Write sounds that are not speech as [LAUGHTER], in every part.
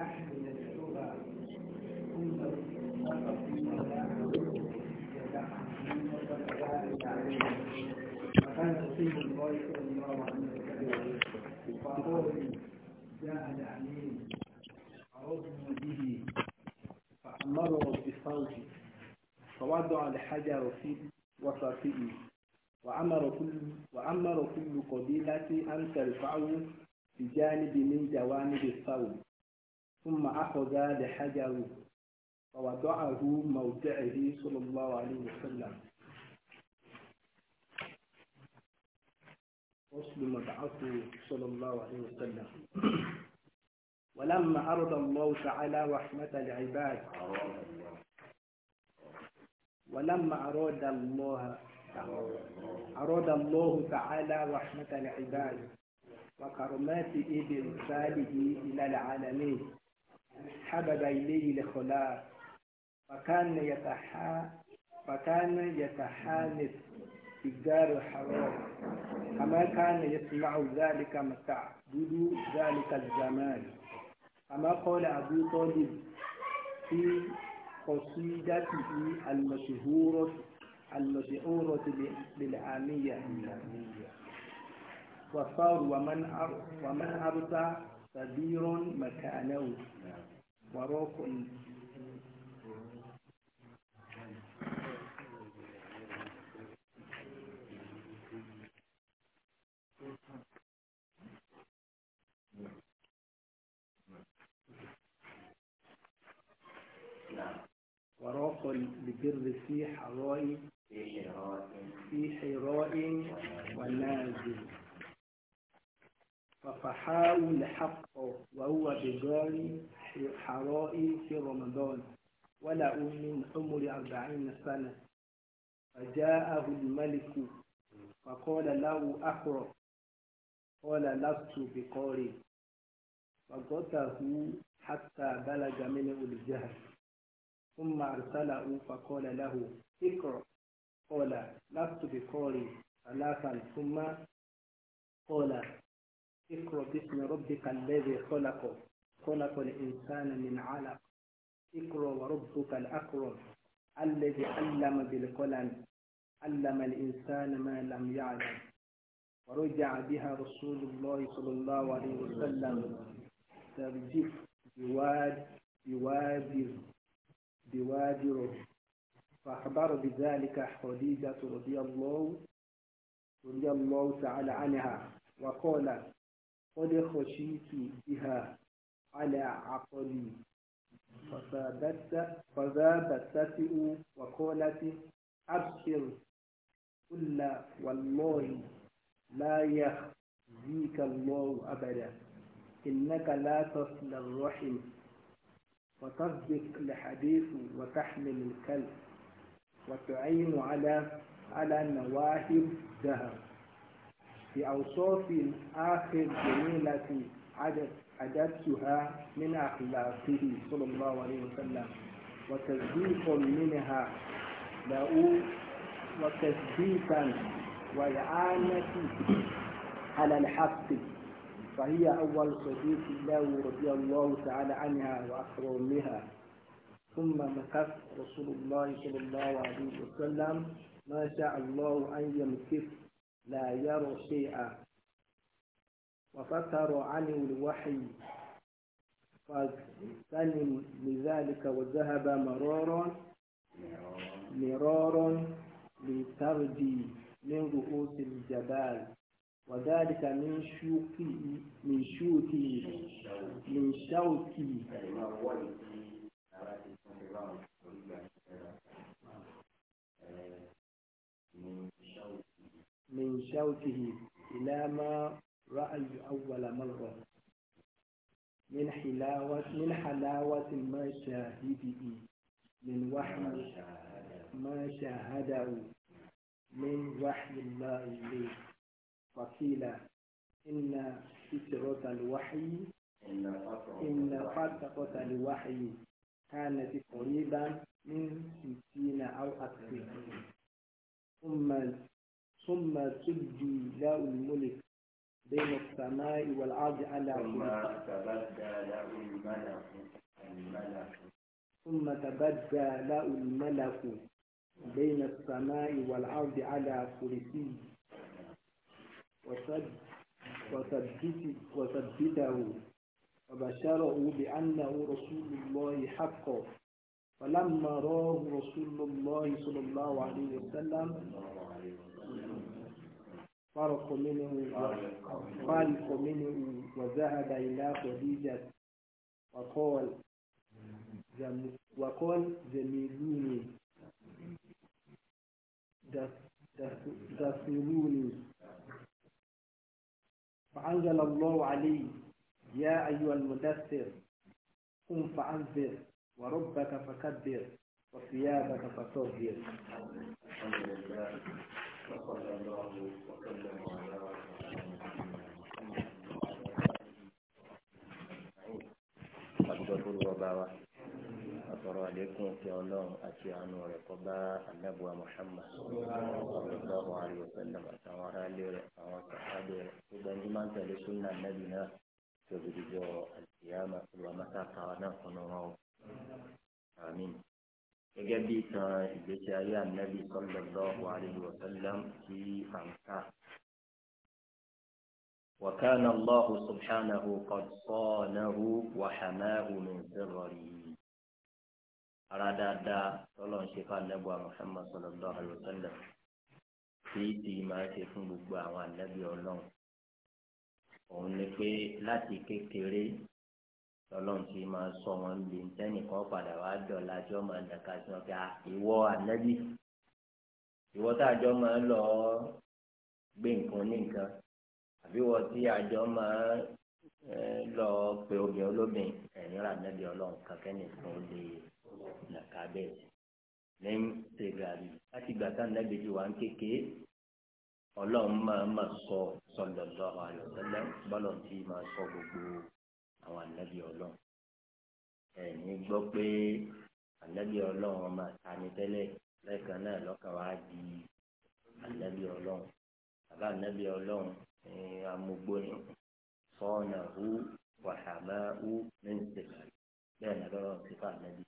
فكان رسول الله صلى الله عليه وسلم فقال جاء الأمين عرضنا به فأمره بصوت فوضع الحجر في وسطه وأمر كل وأمر كل قبيلة أن ترفعه بجانب من جوانب الثوب ثم أخذ لحجر فوضعه موضعه صلى الله عليه وسلم وصل مبعثه صلى الله عليه وسلم ولما أرد الله تعالى رحمة العباد ولما أراد الله أراد الله تعالى رحمة العباد وكرماته بإرساله إلى العالمين حبب إليه الخلاء فكان يتحا فكان يتحانث في الدار الحرام فما كان يسمع ذلك متعدد ذلك الزمان كما قال أبو طالب في قصيدته المشهورة المشهورة للعامية وصار ومن أرسى كبير مكانه وروق وراق لبر في حراء في حراء ونازل ففحاء الحق وهو بجاري حرائي في رمضان ولا من عمر أربعين سنة فجاءه الملك فقال له أقرأ قال لست بقارئ فقته حتى بلغ منه الجهل ثم أرسله فقال له اقرأ قال لست بقارئ ثلاثا ثم قال اقرأ باسم ربك الذي خلقه خلق الإنسان من علق اقرأ وربك الأكرم الذي علم بالقلم علم الإنسان ما لم يعلم ورجع بها رسول الله صلى الله عليه وسلم ترجف بواد بوادر بوادره فأخبر بذلك حديدة رضي الله رضي الله تعالى عنها وقال قد خشيت بها على عقلي تسئ وقالت أبشر قل والله لا يخزيك الله أبدا إنك لا تصل الرحم وتصدق الحديث وتحمل الكلب وتعين على على نواهب الدهر في أوصاف آخر جميلة عدد حدثتها من أخلاقه صلى الله عليه وسلم وتصديق منها له وتصديقا وإعانة على الحق فهي أول صديق له رضي الله تعالى عنها وأكرمها ثم مكث رسول الله صلى الله عليه وسلم ما شاء الله أن يمكث لا يرى شيئا وفتر عن الوحي فاغتنم لذلك وذهب مرارا مرارا لترجي من رؤوس الجبال وذلك من شوكي من شوكي من شوكي من شوكه إلى ما رأي أول مرة من حلاوة من حلاوة ما شاهده من وحي ما شاهده من وحي الله إليه فقيل إن فترة الوحي إن فترة الوحي كانت قريبا من ستين أو أكثر ثم ثم تبدي له الملك بين السماء والأرض على ثم تبدل الملك الملك ثم تبدل الملك بين السماء والأرض على كرسي وثبته وبشره بأنه رسول الله حقا فلما راه رسول الله صلى الله عليه وسلم فرق منه وخالق منه وذهب إلى خديجة وقال وقال زميلوني دخلوني فأنزل الله عليه يا أيها المدثر قم فأنذر وربك فكبر وثيابك فطهر وصلى الله وسلم على Bàbá àtọ̀rọ̀ àlékún ti ọlọ́run àti àánú rẹ̀ kọ́ bá anábùwà Muhammad sallallahu alaihi wasallam àtàwọn aráàlú rẹ̀ àwọn sàhábẹ̀ rẹ̀ gbogbo ẹni máa ń tẹ̀lé súnà nábì náà tó fi dìjọ́ àlùkìyàmà olùwàmásá kàwá náà kọ́nà wọn o. Àmín. gẹ́gẹ́ bí ìtàn ìgbésí ayé ànábì sallallahu alayhi wa sallam tí à ń kà. وكان الله سبحانه قد صانه وحماه من سره ara dáadáa tọ́lọ̀ ń ṣe fún anábọ̀ Muhammad sallallahu alayhi wa sallam tí tí máa ṣe fún gbogbo àwọn anábì ọlọ́run òun ni pé láti kékeré lọ́lọ́run ti máa sọ wọn lè tẹ́nìkan padà wá dọ̀la tí wọ́n máa dàka sí wọn kí a ah, ìwọ ànábì ìwọ tá àjọ máa lọ gbé nǹkan ní nǹkan àbí ìwọ tí àjọ máa lọ pe obìnrin olóbìn ẹ̀yìn rà nẹ́bí ọlọ́run kankan nìkan lè dàka bẹ́ẹ̀ lẹ́yìn tẹ̀gàrí láti gbà tá nẹ́bí ti wà ń kéke ọlọ́run máa ma sọ sọ̀dọ̀dọ̀ àlọ́ tẹ́lẹ̀ bọ́lọ̀ tí máa sọ gbogbo. àwọn ànábì ọlọ́run ẹni gbọ pé ànábì ọlọ́run ọmọ àtàní tẹ́lẹ̀ lẹ́ẹ̀kan náà lọ́kàn wá di ànábì ọlọ́run bàbá ànábì ọlọ́run amúgbó ni fọ́ọ̀nà hu wàhámà hu mẹ́ǹtẹ̀ ti fà ànábì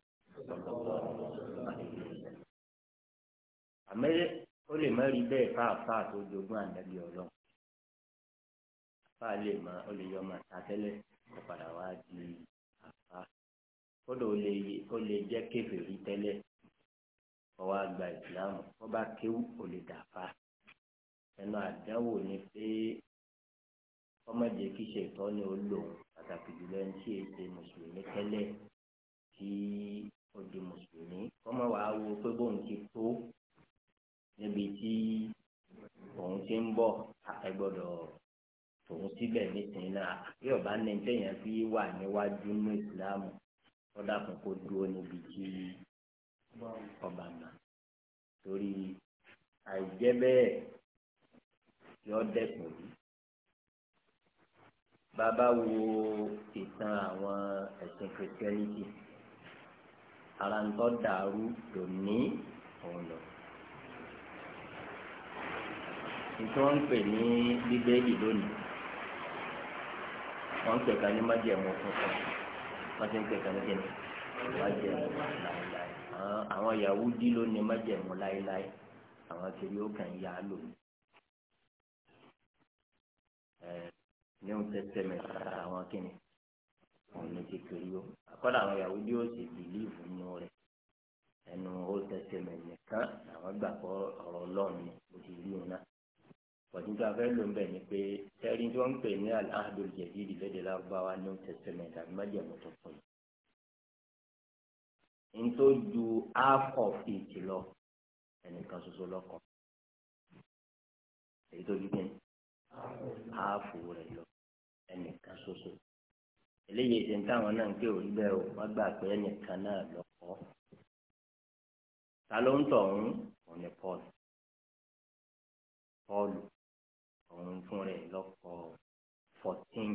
àmọ́ ó lè má rí bẹ́ẹ̀ tó jogún ànábì fáà lè má ó lè yọ ọmọ àtàtẹ́lẹ̀. ó padà wá di àfa kódà ó lè ó lè jẹ́ kèfèrí tẹ́lẹ̀ ó wá gba ìsìlámù ó bá kéwú ó lè dàfa ẹnu àdánwò ni pé ọmọdé kì í ṣe ìtọ́ni olóhùn pàtàkì jùlọ ẹni tí èdè mùsùlùmí tẹ́lẹ̀ tí ó di mùsùlùmí ọmọ wàá wo pé bóun ti tó níbi tí òun ti ń bọ̀ akẹgbọ́dọ̀ òun síbẹ̀ nísìnyí náà bí ọba ní tẹ̀yàn fi wà níwájú ní ìsìlámù ọ̀dà kan kó dúró níbi tí ọba mà torí àìjẹ́ bẹ́ẹ̀ yọ dẹ́kun rí bàbá wo ìtàn àwọn ẹ̀sìn kìrìtẹ́nìtì ara ń tọ́ dàrú lóní ọ̀nà nítorí wọ́n ń pè ní bíbélì lónìí wọn ń pẹ̀ka ní májẹ̀mú tuntun wọn ti ń pẹ̀ka ní kíni májẹ̀mú láéláé àwọn Yahudi ló ní májẹ̀mú láéláé àwọn kiri ó kàn yá lò new testament àwọn kíni àwọn ní ti kiri ó akọ́dà àwọn Yahudi ó sì bìlíìfù nù rẹ̀ ẹnu old testament nìkan àwọn gbàgbọ́ ọ̀rọ̀ ọlọ́run ni mo ti rí òun náà pọ̀jù tó a fẹ́ lò ń bẹ̀ ni pé ẹ̀rí tí wọ́n ń pè ní al-ahdul jadid ìlẹ́dẹ̀ lárúbáwá new testament àbí májèmọ́ tó fún yìí. n tó ju half of it lọ ẹnìkan ṣoṣo lọ́kàn èyí tó ju kí ni half rẹ̀ lọ ẹnìkan ṣoṣo eléyìí ṣe ń táwọn náà ń pè orí bẹ́ẹ̀ o wọ́n gbà pé ẹnìkan náà lọ́kọ́ ta ló ń tọ̀ ọ́n òní paul paul òun fún rẹ̀ lọ́kọ̀ fourteen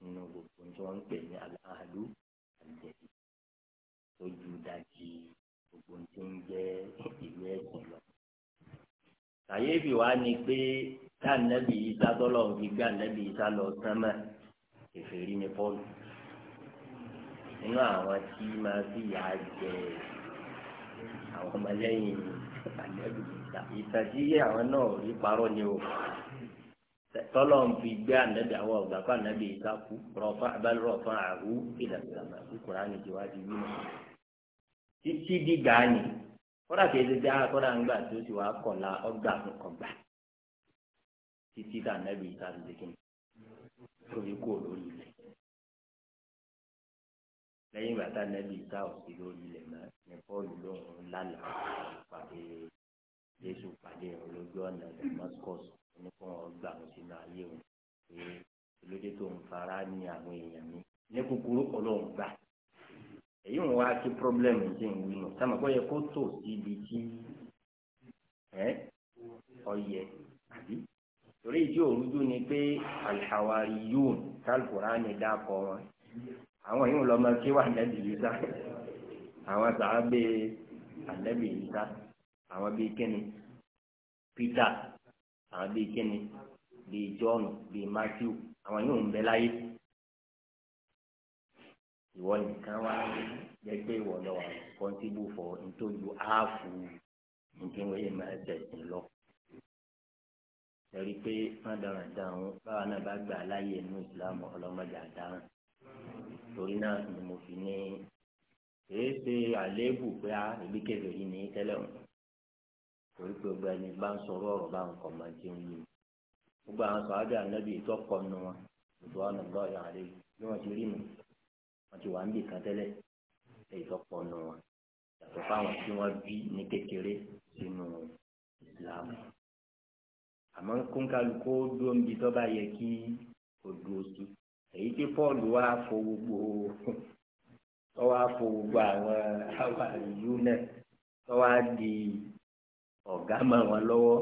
nínú gbogbo tí wọ́n ń pè ní aláàlú àjẹbí tó ju dájú gbogbo tí ń jẹ́ ìwé ẹ̀sìn lọ. kàyéfì wa ni pé tá ànábì yìí sá tọ́lọ̀ fi gbé ànábì yìí sá lọ sánmà kèfèrí ni pọ́ọ̀lù nínú àwọn tí máa fi yà á jẹ àwọn ọmọlẹ́yìn ànábì yìí sá ìtàjí àwọn náà rí parọ́ ni o tọ́lọ̀ ń fi gbé ànábì àwọn ọ̀gbà kó ànábì ìta kú rọ̀fà abẹ́lẹ́ rọ̀fà àhú ìdàgbàsàmà kúkúrá ní ìwádìí wí mọ́. títí dìgbà ni kọ́dà kìí ṣe bí akọ́dà ń gbà tó ti wàá kọ̀la ọgbà fún ọgbà títí tá ànábì ìta ti dìgbìn tó kú lórí ilẹ̀. lẹ́yìn ìgbà tá ànábì ìta ò sí lórí ilẹ̀ mọ́ ní pọ́ọ̀lù lóhùn lálàá pàdé jésù pàdé olójú ní kó wọn gbà wọn sínú ayé wọn pé lóde tó ń fara ní àwọn èèyàn mi ní kúkúrú ọlọ́run gbà èyí ń wá sí pírọ́blẹ́mù ṣe ń wí nù sábà kó yẹ kó tò síbi tí ọyẹ àbí torí ìdí òrújú ni pé alihawari yóò tálkùránì dákọ wọn àwọn yìí ń lọ máa ké wà nẹ́bí yìí sá àwọn sàábé ànẹ́bí yìí sá àwọn bíi kíni Peter àwọn bíi kíni bíi jọ́ọ̀nù bíi matthew àwọn yóò ń bẹ láyé ìwọ nìkan wá jẹ pé ìwọ lọ wà kọ́ńtíbù fọ nítorí áàfù nìkan wọ́n yẹ máa tẹ̀sìn lọ. ẹ̀rí pé má dáhùn dáhùn báwa náà bá gbà láyé inú ìsìlámù ọlọ́mọdé àdáhùn torí náà ni mo fi ní èé ṣe àléébù pé a ìbí kẹfẹ́ ní tẹ́lẹ̀ wọn torí pé gbogbo ẹni bá ń sọ̀rọ̀ ọ̀rọ̀ bá ń kọ máa jẹun yìí gbogbo àwọn sọ̀rọ̀ ànábì ètò ọ̀pọ̀ nù wọn ètò ọ̀nà lọ́ọ̀yà rẹ bí wọ́n ti rí nù wọ́n ti wà ń bì kan tẹ́lẹ̀ ètò ọ̀pọ̀ nù wọn yàtọ̀ fáwọn tí wọ́n bí ní kékeré sínú Islam àmọ́ kóńkálukó dúró ń bi tó bá yẹ kí o dúró sí èyí tí Paul wá fo gbogbo tọ́wọ́ fo gbogbo àwọn àwọn àyù náà tọ́wọ́ á di ọ̀gá máa wọn lọ́wọ́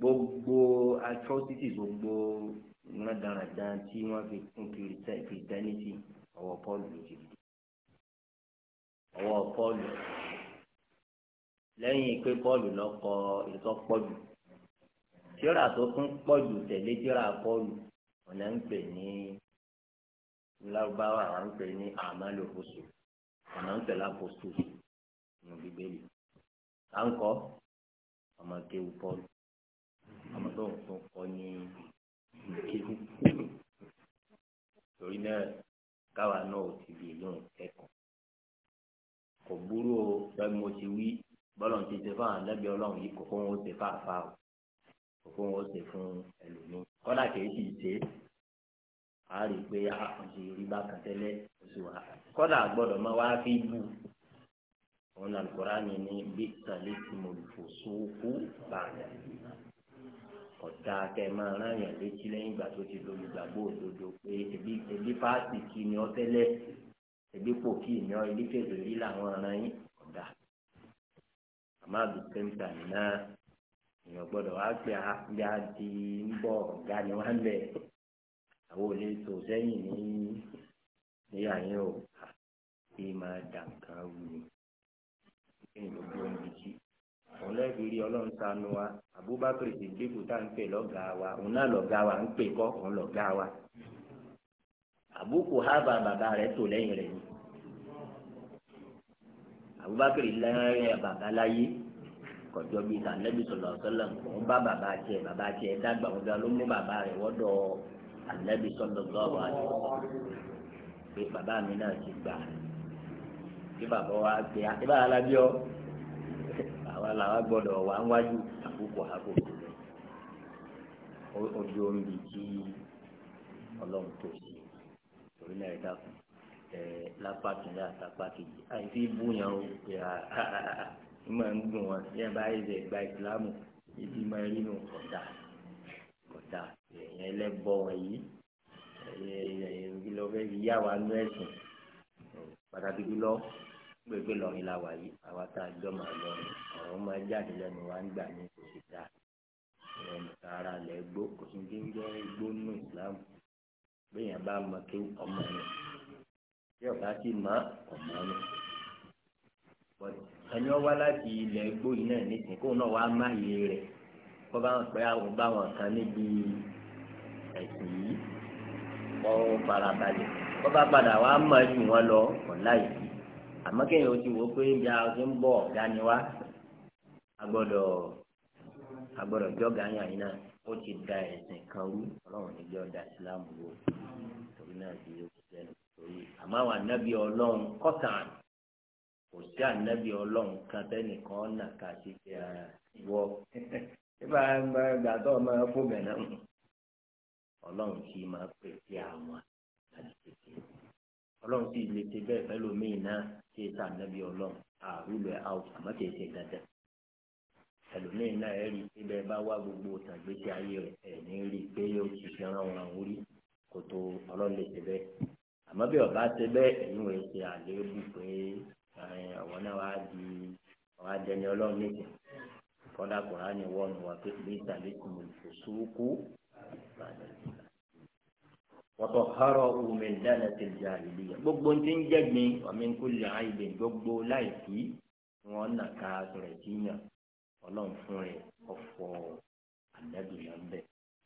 gbogbo atrocities gbogbo rádaràdan tí wọ́n fi kún kìrìtẹ́nìtì ọwọ́ Pọ́ọ̀lù ló ti di ọwọ́ Paul. lẹ́yìn pé Pọ́ọ̀lù lọ kọ ètò pọ̀jù tíra tó tún pọ̀jù tẹ̀lé tíra Pọ́ọ̀lù ọ̀nà ń pè ní lárúbáwá à ń pè ní àmàlò oṣù ọ̀nà ń pè lápò oṣù nínú bíbélì à ń kọ́ ọmọ kéwù bọ́ọ̀lù ọmọ tó ń tún kọ́ ní kéwù torí náà káwa náà ò ti lè lóun kẹ́kọ̀ọ́ kò burú o bẹ́ẹ̀ mo ti wí bọ́lọ̀ ti ṣe fáwọn ànábì ọlọ́run yìí kò fún ó ṣe fáàfá o kò fún wọn ó ṣe fún ẹlòmíín kọ́dà kìí sì ṣe á rí i pé a kàn ṣe rí bákan tẹ́lẹ̀ oṣù wa kọ́dà gbọ́dọ̀ máa wá fi bù òun alukurani ní bísàlẹ̀ tí mo suku sóòkú bàdà ọ̀dà kẹ máa rán yàn létí lẹ́yìn ìgbà tó ti lórí ìgbàgbọ́ òdodo pé ebi ebi paasi kí ni ọ tẹ́lẹ̀ ebi pò kí ni ọ ebi fèrè rí làwọn ọ̀ràn yín ọ̀dà àmọ́ àbùsẹ́ńtà náà èèyàn gbọ́dọ̀ wá pé àbí àti ń bọ̀ ọ̀gá ni wọ́n ń àwọn ò lè tò sẹ́yìn ní ní àyẹ̀wò kí máa dà nǹkan wù ní kéèyàn ló dúró níbi jí òun náà fi rí ọlọ́run sanu wa Abubakar Sidiku tá à ń pè lọ́gàá wa òun náà lọ́gàá wa ń pè kọ́ òun lọ́gàá wa àbúkù hábà bàbá rẹ̀ tó lẹ́yìn rẹ̀ ni Abubakar lẹ́yìn bàbá láyé kọjọ bíi ta anabi sọlọ sọlọ òun bá bàbá tiẹ̀ bàbá tiẹ̀ dàgbà òun gan ló mú bàbá rẹ̀ wọdọ anabi sọlọ gbọ wà lọ pé bàbá mi náà ti gbà kí bàbá wa gbé àti bàbá alábí ọ àwa làwa gbọ́dọ̀ wà ń wájú àkókò àkókò rẹ ojú omi tí ọlọ́run tó sí torí náà ẹ dákun ẹ lápá kìnìún àti lápá kejì àìsí búyàn o pé ẹ máa ń dùn wọn yẹn bá yẹ gba ìsìlámù ibi máa rí nù kọ̀dà kọ̀dà ẹ̀yìn ẹlẹ́bọ wọn yìí ẹ̀yìn ẹ̀yìn lọ́fẹ́ yíyá wa nú ẹ̀sìn pàtàkì jùlọ gbẹgbẹ lọrin la wà yìí àwa tá a jọ máa lọrin ọ̀rọ̀ máa jáde lẹ́nu wa ń gbà ní kò sí dáa ara lẹ̀ gbó kò sí ní jẹ́ igbó nínú Islam bẹ́ẹ̀yàn bá mọ kí ọmọ ni tí ọ̀gá sì mọ ọmọ ni ẹni ọwá láti ilẹ̀ igbó yìí náà nìsín kóun náà wá má yé rẹ̀ kó bá wọn pẹ́ àwọn bá wọn kan níbi ẹ̀sìn yìí kọ́ farabalẹ̀ kó bá padà wá mọ̀ ju wọn lọ ọ̀la yìí. àmọ́ kẹ́yìn ojú wo pé ibi àwọn ń bọ̀ ọ̀gá ni agbọ́dọ̀ agbọ́dọ̀ náà ó ti da ẹ̀sìn kan rú ọlọ́run ní jọ́ da ìsìlámù wo torí náà ti yóò ti jẹ́ torí àmọ́ àwọn anábì ọlọ́run kọ́tàn kò sí anábì ọlọ́run kan tẹ́nìkan nà ká sí ti wọ́ tó ọmọ fún ọlọ́run kì í máa ọlọ́run sì lè ṣe bẹ́ẹ̀ fẹ́lòmíì náà ṣe sànẹ́bí ọlọ́run àrùlọ ẹ̀ out àmọ́ kìí ṣe dandan ẹlòmíì náà ẹ rí i pé bẹ́ẹ̀ bá wá gbogbo tàgbésí ayé rẹ̀ ẹ̀ ní rí i pé yóò ti fi ran wọn orí kò tó ọlọ́run lè ṣe bẹ́ẹ̀ àmọ́ bí ọba ṣe bẹ́ẹ̀ ẹ̀yìn rẹ̀ ṣe àléébù pé àwọn náà wá di àwọn adẹni ọlọ́run méjì kọ́dà kùránì wọ́n wà pé bí ìtàlẹ́kùn òṣùwòkú ìbàdàn wọ́tọ̀ hárọ̀ omi dáná ti di àlùyẹ gbogbo ti ń jẹ́gbin ọ̀mí ń kú lè àìbè gbogbo láìsí wọn nà ká sọ̀rọ̀ ìjìyàn ọlọ́run fún rẹ̀ ọ̀fọ̀ àdábìyàn bẹ̀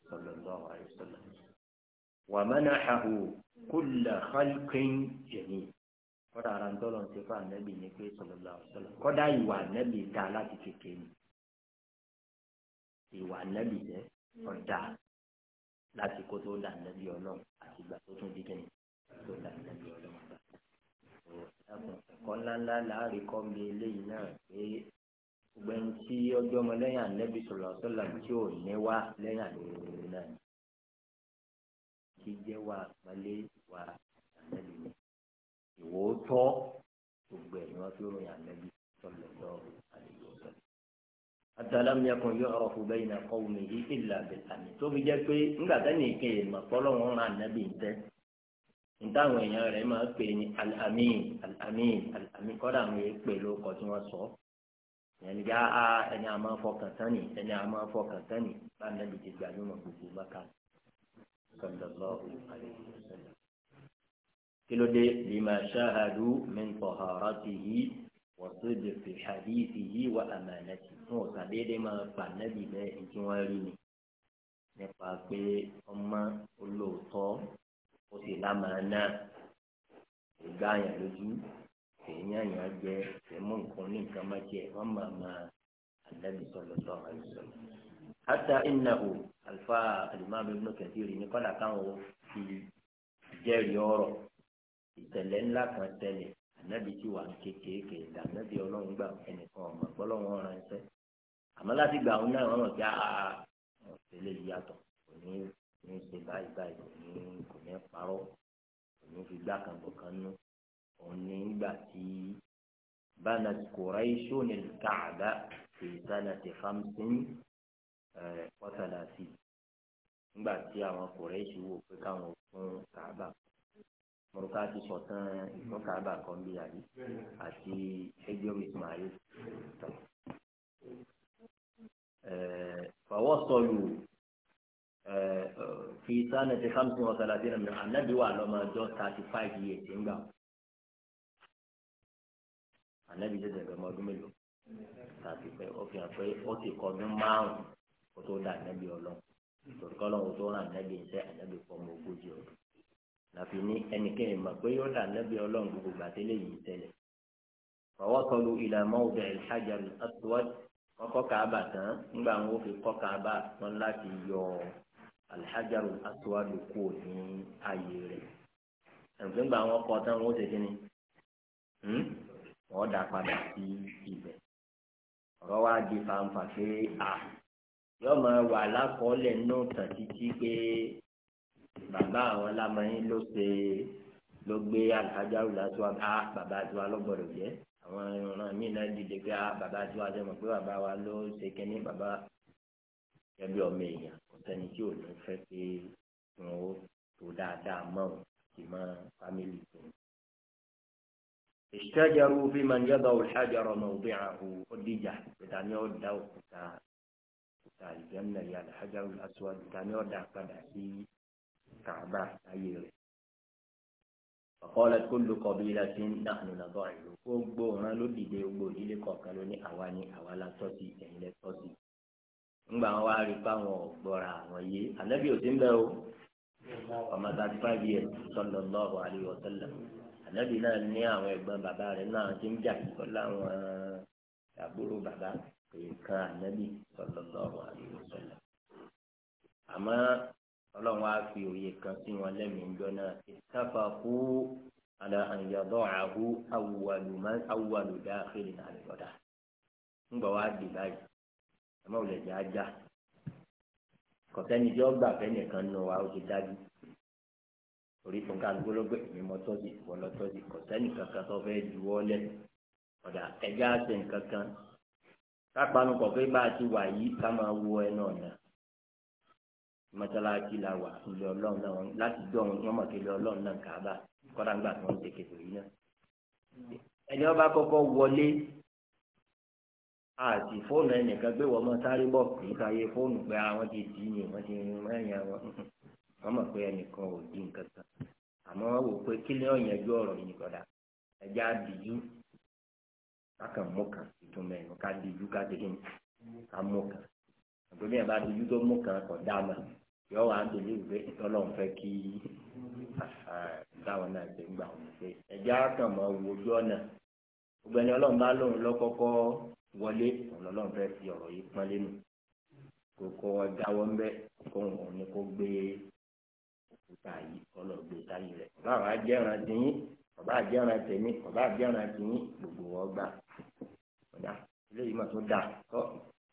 sallallahu alaihi wasallam. wa manahahu kulla khalqin jẹ̀mí kọ́dà ara ń tọ́lọ̀ ṣe fún ànábì ní pé sallallahu alaihi wasallam kọ́dà ìwà ànábì ta láti kékeré ìwà ànábì láti kó tó là nàbí ọlọ́run àti ìgbà tó tún dídé ní tó là nàbí ọlọ́run bá. ẹ̀kọ́ ńláńlá láàárín kọ́ mi eléyìí náà pé gbẹ̀ ń tí ọjọ́ ọmọ lẹ́yìn ànẹ́bí sọ̀rọ̀ sọ́là tí ò ní wá lẹ́yìn ànẹ́bí náà ni. kí jẹ́ wà pálí wà ànẹ́bí ni ìwò tọ́ ni wọ́n fi ròyìn ànẹ́bí atalam yakun yu'rafu bayna qawmihi illa bil amin tó fi jẹ́ pé nígbà táwọn èèyàn yẹn mọ̀ pé Ọlọ́run rán ànábì ń tẹ́ nítawọn èèyàn rẹ̀ máa pè ní alamin alamin alamin kọ́dà àwọn èèyàn pè lóko tí wọ́n sọ ẹni já a ẹni a máa fọkàn tán ni ẹni a máa fọkàn tán ni bá ànábì ti gbà lómọ gbogbo bákà sallallahu alayhi wa sallam kí ló dé lima shahadu min wọ́sọ̀dẹ̀ fi hadithi yìí wà àmàlẹ́tì fún ọ̀sàdédé máa gbà nábì bẹ́ẹ̀ tí wọ́n rí ni nípa pé ọmọ olóòótọ́ ó sì lámàá náà kò gáàyàn lójú èèyàn yàn jẹ ẹmú nǹkan ní nǹkan má jẹ wọn máa ma ànábì sallallahu alaihi wasallam. hátà innahu alfa alimami ibn kathir ní kọ́dà káwọn fi jẹ́rìí ọ̀rọ̀ ìtẹ̀lẹ́ ńlá kan tẹ̀lé ànábì tí wà kékeré dà ànábì ọlọ́run gbà ẹnìkan ọmọ gbọ́lọ́run ọ̀ràn ẹsẹ̀ àmọ́ láti gbà wọn náà wọn mọ̀ pé àà ah, ah, ah, ọ̀sẹ̀lẹ̀ yàtọ̀ kò ní ní ṣe báyìí báyìí kò ní kò ní parọ́ kò ní fi gbá kan bọ̀ kan nú òun ní gbà tí bánà kòrẹ́ṣó ní káàdá ìtànà ti fámsìn kọ́tàlá sí nígbà tí àwọn kòrẹ́ṣó wò pé káwọn fún káàbà mọ̀rùká ti sọ̀tàn ìkọ́kàbà kan bí àbí àti ẹgbẹ́rún ìsmáyé. fàwọ́ sọlù fi sanati hamsin wa salatina min anabi wa lọmọ ọjọ thirty five years ń gbà anabi jẹjẹ lọmọ ọdún mélòó thirty five ó fi hàn pé ó ti kọ ọdún márùn-ún kó tó dá anabi ọlọ́run tòlùkọ́ lọ́wọ́ tó rán anabi ń sẹ́ anabi pọ̀ ogójì ọdún nàfi ní ẹnikẹ́ni mọ̀ pé yóò là nẹ́bí ọlọ́run gbogbo gbàtẹ́lẹ̀ yìí tẹ́lẹ̀ fọwọ́sọlù ìlà mọ́wùdà al-hajar al-aswad wọ́n kọ́ kaaba tán nígbà wọn ò fi kọ́ kaaba wọn láti yọ al-hajar al-aswad kú ní ààyè rẹ̀ ẹ̀fẹ́ nígbà wọn kọ́ tán wọn ó ṣe kíni hmm? wọ́n dà padà sí ibẹ̀ ọ̀rọ̀ wa di fanfa pé a yọ máa wà lákọọ́lẹ̀ náà tàn bàbá àwọn lamọ̀yìn ló ṣe ló gbé alhajaru láti wá bá ah, bàbá àti wa lọ́gbọ̀dọ̀ jẹ́ àwọn ìran míì náà dìde pé ah, bàbá àti wa jẹ́ mọ̀ pé bàbá wa ló ṣe kẹ́ni bàbá ẹbí ọmọ èèyàn ọ̀sẹ̀ni tí ò ní fẹ́ pé wọn ó tó dáadáa mọ́ ọ́n ti mọ́ fámìlì tó ń. ìṣẹ́jẹ̀rú fi máa ń yọ̀dọ̀ òṣàjọrọ̀ náà òbí àhù ọdíjà ìta ni ó da òkúta òkúta ìjẹ́nà kàbá ayé rẹ̀. ọ̀kọ́lẹ̀ kó lu kọ̀bí la ti ń dànù nàbọ̀ ìlú kó gbó ló dìde gbó ìdílé kọ̀ọ̀kan ló ní àwa ni àwa la tọ́ sí ẹ̀yin lẹ tọ́ sí. ńgbà wọn wá rí fáwọn ọ̀gbọ́ra àwọn yé ànábì ò sí ń o ọmọ thirty five years sallallahu alaihi wasallam ànábì náà ní àwọn ẹ̀gbọ́n ọlọ́run wá fi òye kan sí wọn lẹ́mìí ńjọ náà ìtàfàkú àlà àyàbọ̀ àhú awùwàlùdá àfẹ́lẹ̀ náà lọ́dà ńgbà wá dì báyìí ẹ̀mọ́ ò lè jẹ́ ajá jọ́ gbà nù ó ti dájú orí fún gbé èmi mọ́ tọ́sí tọ́sí kankan tó fẹ́ juwọ́ lẹ̀ ọ̀dà ẹja àti nǹkan kápánu kọ̀ọ̀kan bá a ti wà yìí ká máa mọ́sálásí la wà ilé ọlọ́run náà láti dọ̀ wọ́n mọ̀ kí ilé ọlọ́run náà kà á bá kọ́dà ńgbà tí wọ́n ń tètè lórí náà. ẹni ọba kọ́kọ́ wọlé àti fóònù ẹnìkan gbé wọ́n mọ́ sáré bọ̀ nípa iye fóònù pé àwọn ti dì í ni wọ́n ti rìn àwọn wọ́n mọ̀ pé ẹnìkan ò dín nǹkan kan àmọ́ wọ́n wò pé kí ni ọ̀yànjú ọ̀rọ̀ yìí kọ́dà ẹ̀jẹ̀ àdìjú kákàmọ́kàn ìtumọ̀ ẹ̀nu ká dìjú ká dìjú ká mọ́kàn àgbẹ̀mí ẹ̀ bá dìjú tó mọ́kàn kọ̀ dáa náà yọ wà á dòlú ìgbé tọ́lọ́n fẹ́ kí táwọn náà ṣe ń gbà wọn pé ẹ̀jẹ̀ àtàn mọ́ wo ojú ọ̀nà ọgbẹ́ni ọlọ́run bá lóun lọ́kọ́kọ́ wọlé ọlọ́run fẹ́ fi ọ̀rọ̀ yìí pọ́n lẹ́nu kókó ọ̀dáwọ́ ń bẹ́ kó òun ni kó gbé òkúta yìí kọ́lọ̀ gbé sáyé rẹ̀ bàbá àjẹrán tìyín bàbá àjẹrán tèmi bàbá àjẹrán tìyín gbogbo wọn gbà ọ̀dà ilé yìí mà tó dà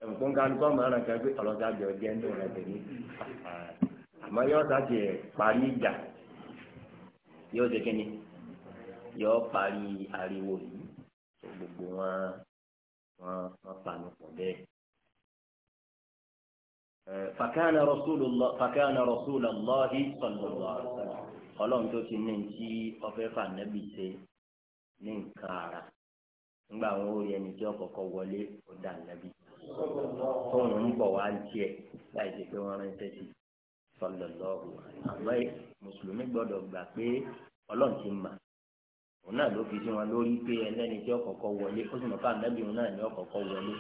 ẹ̀mùkún kálukọ́ mọ̀ràn kan pé ọlọ́dà jọ jẹ́ ní ọ̀rẹ́ tèmi àmọ́ yóò sáàtì ẹ̀ parí ìjà yóò ṣe kíni yóò parí ariwo yìí gbogbo wọn wọn wọn panu pọ̀ bẹ́ẹ̀. فكان رسول الله ọlọ́run tó ti ní ti ọfẹ́ fànẹ́bì ṣe ní nǹkan ara nígbà wọn ò rí ẹni fóònù ń bọ̀ wá jẹ́ láì jẹ́ pé wọ́n ránṣẹ́ sí sallallahu àmọ́ mùsùlùmí gbọ́dọ̀ gbà pé ọlọ́run ti mà òun náà ló fi sí wọn lórí pé ẹlẹ́ni tí ọ̀kọ̀ọ̀kọ̀ wọlé ó sì mọ̀ fáwọn ẹbí òun náà ní ọ̀kọ̀ọ̀kọ̀ wọlé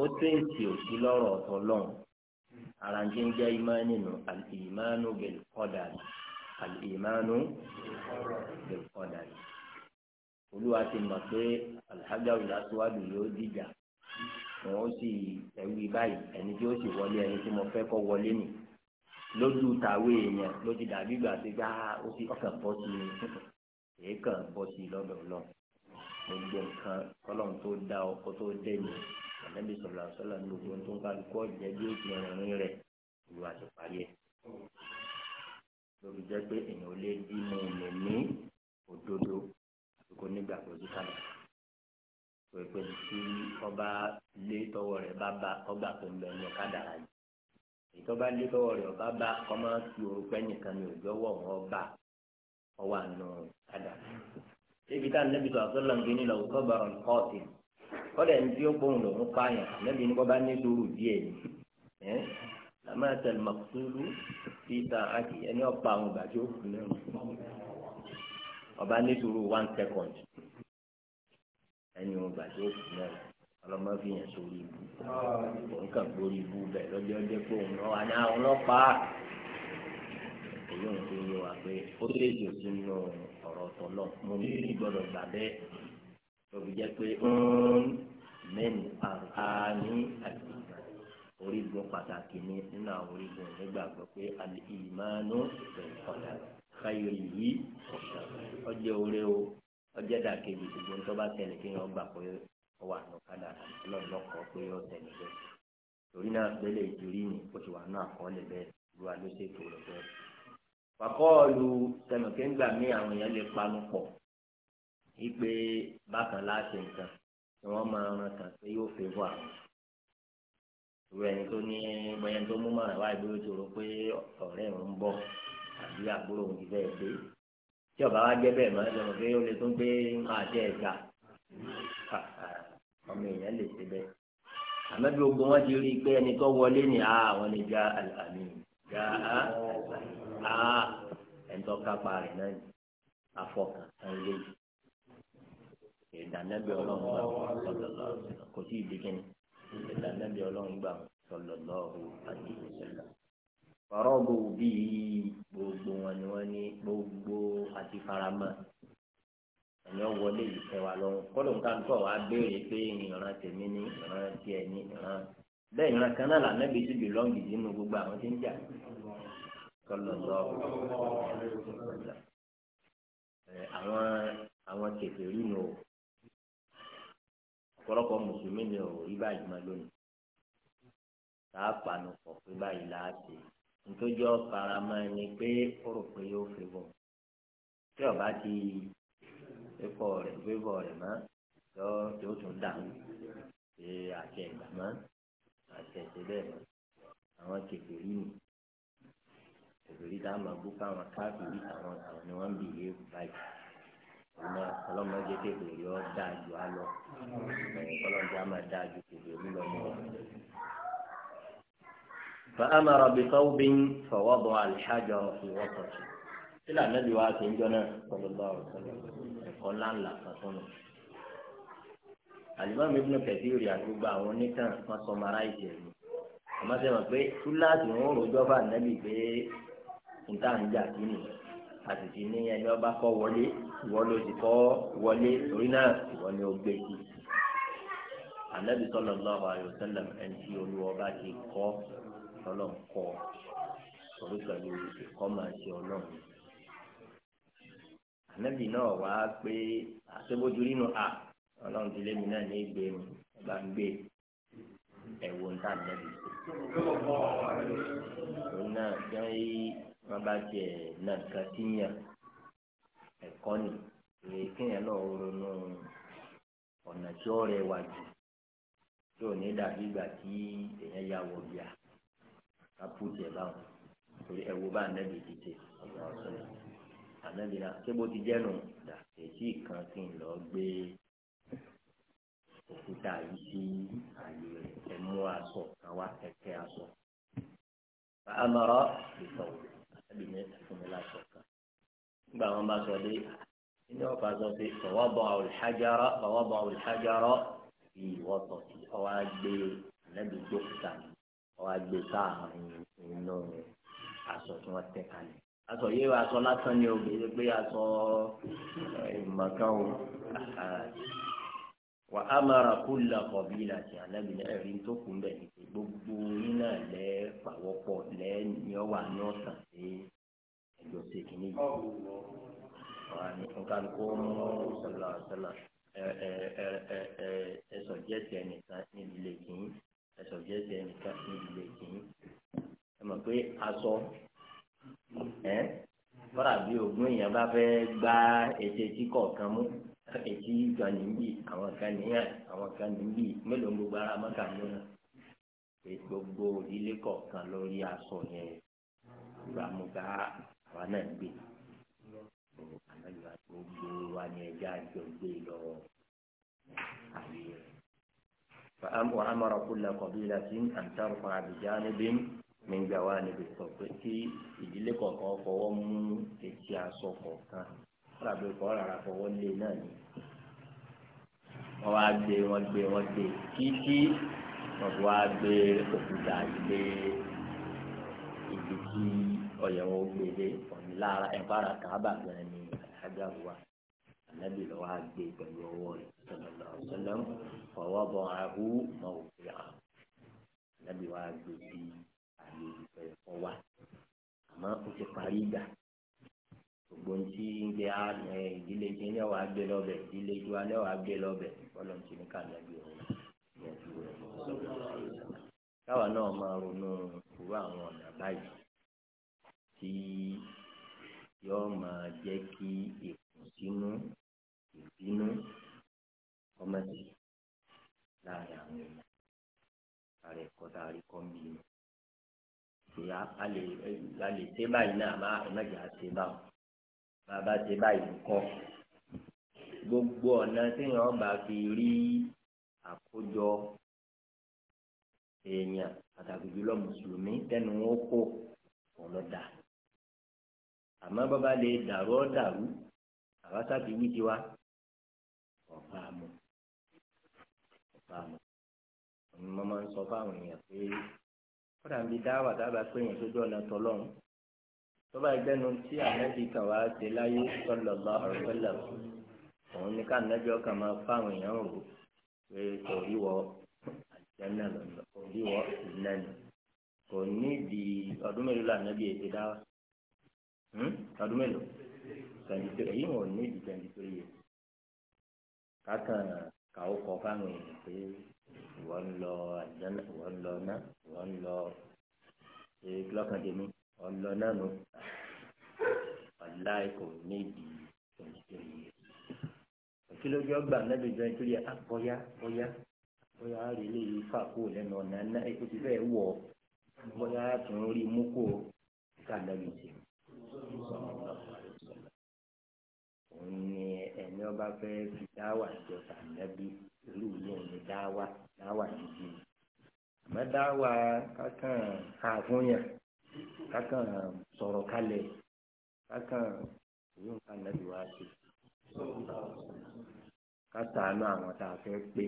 ó tẹ̀sí òsí lọ́rọ̀ ọ̀tọ̀ ọlọ́run ara ń jẹ́ ìmánì nù al-imanu bil-qadari al-imanu bil-qadari olúwa ti mọ̀ pé al-hajarul aswad yóò dìjà wọn ó sì ẹwí báyìí ẹni tí ó sì wọlé ẹni tí mo fẹ́ kọ́ wọlé nì lójú tàwé èèyàn ló ti dàbí ìgbà tí gbá ó sì ọkàn bọ́ sí i [LAUGHS] èyí kàn bọ́ sí i lọ́dọ̀ náà gbogbo nǹkan kọ́lọ́n tó dá ọkọ tó dé mi ànábì sọ̀rọ̀ àṣọlá ní gbogbo tó ń kálukú ọ̀jẹ́ bí ó ti rìn rẹ̀ ìlú àti parí ẹ̀ lórí jẹ́ pé èèyàn ò lè dínú mẹ̀mí òdodo àti kò nígbàgbọ́ sí kálukú pẹpẹ tí ọba lé tọwọ́ rẹ̀ bá ba ọgbà tó ń bẹ ní ọkadà yìí ìtọ́ba lé tọwọ́ rẹ̀ ọba bá ọmọ tí orúkọ ẹnìkan ní òjò wọ̀ wọ́n bá ọwọ́ àna ọkadà ebi tá nẹbi tó àtọ́lá ń gbéni lọ́wọ́ kọ́ bàrọ̀ kọ́ọ̀tì kọ́dà ní tí ó gbóhùn lòún pààyàn nẹbi ní bọ́ba ní dúró díẹ̀ ni àmọ́ àtẹlẹ mọ̀kútúrú fi ta àti ẹni ọ̀pá àwọn ìgbà tí ó kù náà ọba ní dúró one second ẹni wọn gbà tó kù náà ọlọmọ fi yàn sórí ibu òun kàn gbórí ibu bẹ́ẹ̀ lọ́jọ́ dé pé òun náà wà ní àwọn ọlọ́pàá èyí òun tó yé wa pé ó lè jò sínú ọ̀rọ̀ ọ̀tọ̀ náà mo ní gbọ́dọ̀ gbà bẹ́ẹ̀ lọ́bi jẹ́ pé mẹ́nu àní àti orígun pàtàkì ni nínú àwọn orígun nígbàgbọ́ pé àlè ìmánú pẹ̀lú ọ̀dà yìí ọ̀dà ọjọ́ orí o ọjọ́ dà kejì gbogbo ń tọ́ba tẹ̀lé kí wọ́n gbà pé ó wà ní ọ̀kadà lọ́nà pé ó tẹ̀lé bẹ́ẹ̀ torí náà pélé ìjúrí ni ó ti wà ní àkọọ́lẹ̀ bẹ́ẹ̀ olúwa ló ṣètò rẹ̀ bẹ́ẹ̀. fàkọ́ọ̀lù tẹnukẹ́ngbà mí àwọn èèyàn lè panu pọ̀ wípé bákan láti nǹkan ni wọ́n máa ran kan pé yóò fẹ́ bọ́ àwọn ìwé ẹni tó ní bọ́yẹn tó mú mọ́ràn wá ìgbéró tó rò pé ọ̀rẹ́ òun tí ọba wa jẹ́ bẹ́ẹ̀ mọ́ ẹ lọ́mọ pé ó lè tún gbé máa jẹ́ ẹ̀ka ọmọ èèyàn lè ṣe bẹ́ẹ̀ àmọ́ ogun wọn ti rí i pé ẹni wọlé ni àwọn lè já àmì já á ẹni tó kápá rẹ̀ náà ni afọkàn tán lé ìdánábì ọlọ́run gbà wọn sọlọ́lọ́ kò sí ìdíkẹ́ni ìdánábì ọlọ́run gbà wọn sọlọ́lọ́ ọ̀hún àti ìṣẹ̀lẹ̀ fọrọgù bíi gbogbo wọn ni wọn ní gbogbo àti farama ẹni ọwọlé yìí tẹ wà lọ́wọ́ kọlọ nǹkan tó wàá béèrè pé ìran tèmi ní ìran tiẹ̀ ní ìran bẹ́ẹ̀ ìran kan náà lànà bíi síbi lọngì nínú gbogbo àwọn tí ń jà kọlọ lọ àwọn àwọn kèfèrí nù o ọ̀pọ̀lọpọ̀ mùsùlùmí ni ò rí báyìí máa lónìí tá a panu pọ̀ pé báyìí láti nítorí ọ̀pára máa ní pé ó rò pé yóò fi bọ̀ tí ọba ti ikọ̀ rẹ̀ gbébọ̀ rẹ̀ mọ́ lọ yóò tún dàrú ṣe àṣẹ ìgbà mọ́ àṣẹ ìṣe bẹ́ẹ̀ mọ́ àwọn kèfèrí nì kèfèrí tá a máa bú káwọn káàkiri àwọn àwọn ni wọ́n ń bì yé báyìí ọmọ ọlọ́mọdé kèfèrí ọ́ dáa ju alọ ọlọ́mọdé á máa dáa ju kèfèrí lọ́mọ. فأمر بثوب فوضع الحجر في وسطه إلى النبي وآتي جنا صلى الله عليه وسلم قال لن لا تصنع alimami ibnu kẹsíìrì àdúgbò àwọn onítàn wọn sọ mara ìṣe ẹni ọmọ sẹ ma pé túláàsì wọn rojọ bá nẹbi pé nta ń jà kí ni àtìtì ní ẹni ọba kọ wọlé ìwọ ló ti kọ wọlé torí náà ìwọ ni ó gbé sí i anabi sallallahu alaihi wasallam ẹni tí olúwọ bá ti kọ ọlọ́run kọọ torí pẹ̀lú ìkọ́ máa ṣe ọlọ́run. ànábì náà wá pé àṣebójú nínú a ọlọ́run ti lé mi náà ní ìgbé mi ọba ń gbé ẹ̀wọ̀ ń tà nẹ́bí. òun náà jẹ́ wọ́n bá tiẹ̀ nǹkan tí ń ẹ̀kọ́ nì náà ronú ọ̀nà tí ó ya wọ̀ apútì ẹ̀ báwọn torí ẹ̀wò bá ànábì ti tè ọ̀gá ọ̀sọ́lá ànábì náà ṣé bó ti jẹ́ nù dà ètí kan kí n lọ gbé òkúta yìí sí àyè rẹ̀ ẹ̀ mú aṣọ kan wá kẹ̀kẹ́ aṣọ. àmọ̀rọ̀ ìfọ̀wọ́ ànábì ní ẹ̀fún mi láṣọ kan nígbà wọn bá sọ dé inú ọ̀pá sọ pé fọwọ́bọ̀ àwòlùhájárọ̀ fọwọ́bọ̀ àwòlùhájárọ̀ ìwọ́tọ̀ ọwọ́ á gbé ànábì jókòó wọ́n á gbé sáàrin inú aṣọ tí wọ́n tẹ́ kalẹ̀ aṣọ yé aṣọ lásán ni obìnrin pé aṣọ ìmọ̀kan o wà á mara kó la kọ̀bí láti ànábì náà rí tó kún bẹ̀ ní pé gbogbo yín náà lẹ́ pàwọ́pọ̀ lẹ́ ní ọ wà ní ọ̀sán sí ẹjọ́ sí kìíní yìí wà ní nǹkan kó mú ọ̀sán lọ́sọ̀lá ẹ ẹ ẹ ẹ ẹ sọ̀jẹ́sì ẹnìkan aṣọ ẹ fọlá bí ogún èèyàn bá fẹ́ gbá ètè etí kọ̀ọ̀kan mú ètí gan níbí àwọn kan níyà àwọn kan níbí mélòó gbogbo ara mọ́ta lónà gbogbo ilé kọ̀ọ̀kan lórí aṣọ yẹn ìgbàmùgbà àwa náà gbé àmàlùwà wa ní ẹja àjọ gbé lọ àyè rẹ̀. فأمر كل قبيلة أن ترفع بجانب nígbà wa níbi sọ pé tí ìdílé kọ̀ọ̀kan fọwọ́ mú etí aṣọ kọ̀ọ̀kan tàbí kọ́ rárá fọwọ́ lé náà ni wọ́n wá gbé wọ́n gbé wọ́n gbé títí wọ́n fi wá gbé òkúta ilé ibi tí ọ̀yẹ̀ wọn gbé dé ọ̀nì lára ẹ̀fọ́ kàábà gan ni alágbàrú wa ànábì lọ́wọ́ á gbé pẹ̀lú ọwọ́ rẹ̀ sọlọ́lá fọwọ́ bọ̀ àhú mọ̀ òkè ànábì wa gbé sí ààyè ìbẹ̀rẹ̀ fún wa àmọ́ ó ti parí ìgbà gbogbo ń tí ń gbé ìdílé tí ń lẹ́wọ̀ agbé lọ́bẹ̀ ìdílé tí wà lẹ́wọ̀ agbé lọ́bẹ̀ bọ́lá ń ti ní kàmí ẹgbẹ́ òun ìyànjú rẹ̀ káwa náà máa ronú irú àwọn ọ̀nà báyìí tí yóò máa jẹ́ kí ìkùnsínú ìbínú ọmọdé láàrin àwọn èèyàn àrẹ kọta àríkọ́ ń bínú ìyá a lè ṣe báyìí náà má ẹ̀mẹ́jà ṣe báwọn bàbá ṣe báyìí kọ́ gbogbo ọ̀nà téèyàn bá fi rí àkójọ èèyàn pàtàkì jùlọ mùsùlùmí tẹnu wọn kó ọlọ́dà àmọ́ bàbá lè dàrú ọ́ dàrú bàbá sábì wí tiwa ọ̀pá àmọ́ ọ̀pá àmọ́ ọ̀nà máa ń sọ fáwọn èèyàn pé kódà bí dáwà dábàá pé èèyàn sójú ọ̀nà tọlọ́run tọ́ba ìgbẹ́nu tí ànábì kan wá ṣe láyé sallallahu alaihi wasallam òun ní ká ànábì ọkàn máa fáwọn èèyàn rò pé kò ríwọ àjẹnà lọ́nà kò ríwọ ìnáni kò nídìí ọdún mélòó la ànábì ètè dáwà hmm? ọdún mélòó twenty three èyí wọn ò nídìí twenty three yẹn kákan kàó kọ fáwọn èèyàn pé ìwọ ń lọ àjánà ìwọ ń lọ ná ìwọ ń lọ lọ́kàn tèmi ọ̀lọ́ náà nù ọ̀láì kò nídìí òṣèlú yìí kí ló jọ gbà náà lè jọ nítorí àkọyá ah, bóyá bóyá rí léyìí fà kó lẹ́nu ọ̀nà náà èkó ti fẹ́ wọ̀ bóyá tún rí mú kó ká lẹ́yìn tì òun ni ẹ̀mí ọba fẹ́ fi dáwà jọ tà lẹ́bí. irú yẹn ni dáwà dáwà gidi àmọ́ dáwà kákan àfúnyàn kákan sọ̀rọ̀ kalẹ̀ kákan ìlú nǹkan nàbí wá sí kátàánú àwọn tá a fẹ́ pé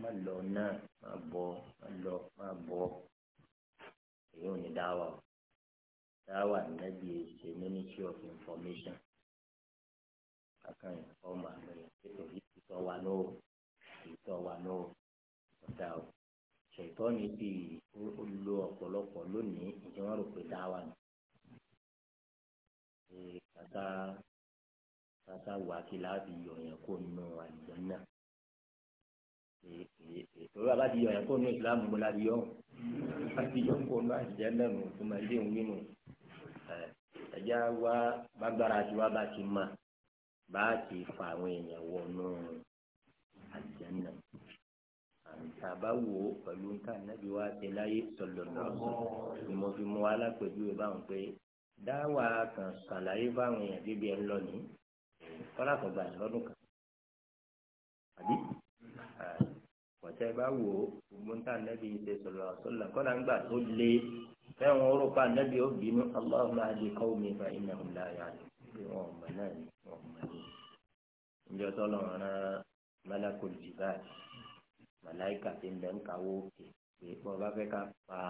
má lọ náà má bọ má lọ má bọ̀ èyí ò ní dáwà o dáwà nàbí ṣe ministry of information. kankan yẹn kọ́ ọmọ àwọn èèyàn pé torí ìtọ́ wa náà ìtọ́ wa náà ọ̀dà o ṣètọ́ ni bí ó lo ọ̀pọ̀lọpọ̀ lónìí ìjọ wọn rò pé dá wa nù. kàtà kàtà wà kí láàbì yọ̀yàn kó nù àlùjọ náà torí a bá di yọ̀yàn kó nù ìsìlámù mo la di yọ̀ a ti yọ̀ kó nù àlùjọ náà nù tó máa dé òun nínú ẹ̀já wa bá gbára tiwa bá ti máa bá a ti fa àwọn èèyàn wọnú àlùjánnà àǹtà bá wò ó pẹ̀lú nǹkan nábì wá ṣe láyé sọlọ́lọ́ ni mo fi mú alápèjúwe báwọn pé dáwà kan ṣàlàyé báwọn èèyàn débi ẹ̀ ń lọ ní kọ́lá kan gbà lọ́dún kan àbí ọ̀tẹ́ bá wò ó gbogbo ń tà nábì ṣe sọlọ́ kọ́lá ń gbà tó lé fẹ́ràn orúkọ ànábì ó bínú Allahumma hadi qawmi fa innahum la ya'lamun pé wọn ò mọ̀ náà ni wọn ò mọ̀ ni. ìjọ tọ́lọ̀ rán malakul jibal màláìkà ti ń bẹ̀ ń kàwọ́ òkè pé wọ́n bá fẹ́ ká pa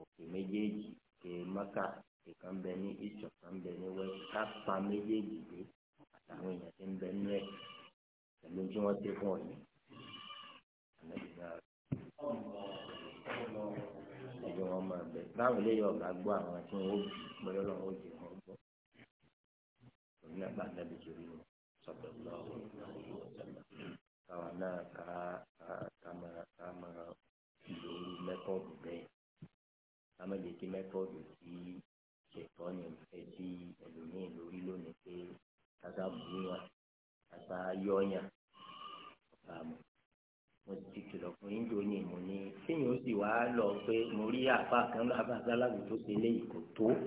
òkè méjèèjì ké maka ìkan bẹ ní ìṣọ̀ kan bẹ ní wẹ́ ká pa méjèèjì dé àtàwọn èèyàn ti ń bẹ nú ẹ̀ pẹ̀lú tí wọ́n ti fún ọ yìí. ẹ̀jọ̀ wọn máa bẹ̀ báwọn eléyìí ọ̀gá gbọ́ àwọn tí wọ́n ó bì í pẹ̀lú ọlọ́run ó jẹ́ ní àgbà nàbí kiri ní sọ̀tọ̀ lọ́wọ́ àyè ọ̀sẹ̀lẹ̀ káwọn náà ká ká máa lo mẹ́tọ́ọ̀dù bẹ́ẹ̀ ká má lè kí mẹ́tọ́ọ̀dù tí ṣètọ́ ní ẹbí ẹlòmíín lórí lónìí pé kásá bùúyàn kásá yọ̀yàn ọ̀tá mọ̀ mo ti kìlọ̀ fún yín ní mo ní kéèyàn ó sì wá lọ pé mo rí àbá kan lọ àbá sáláàbù tó ṣe léyìí kò tó. [LAUGHS]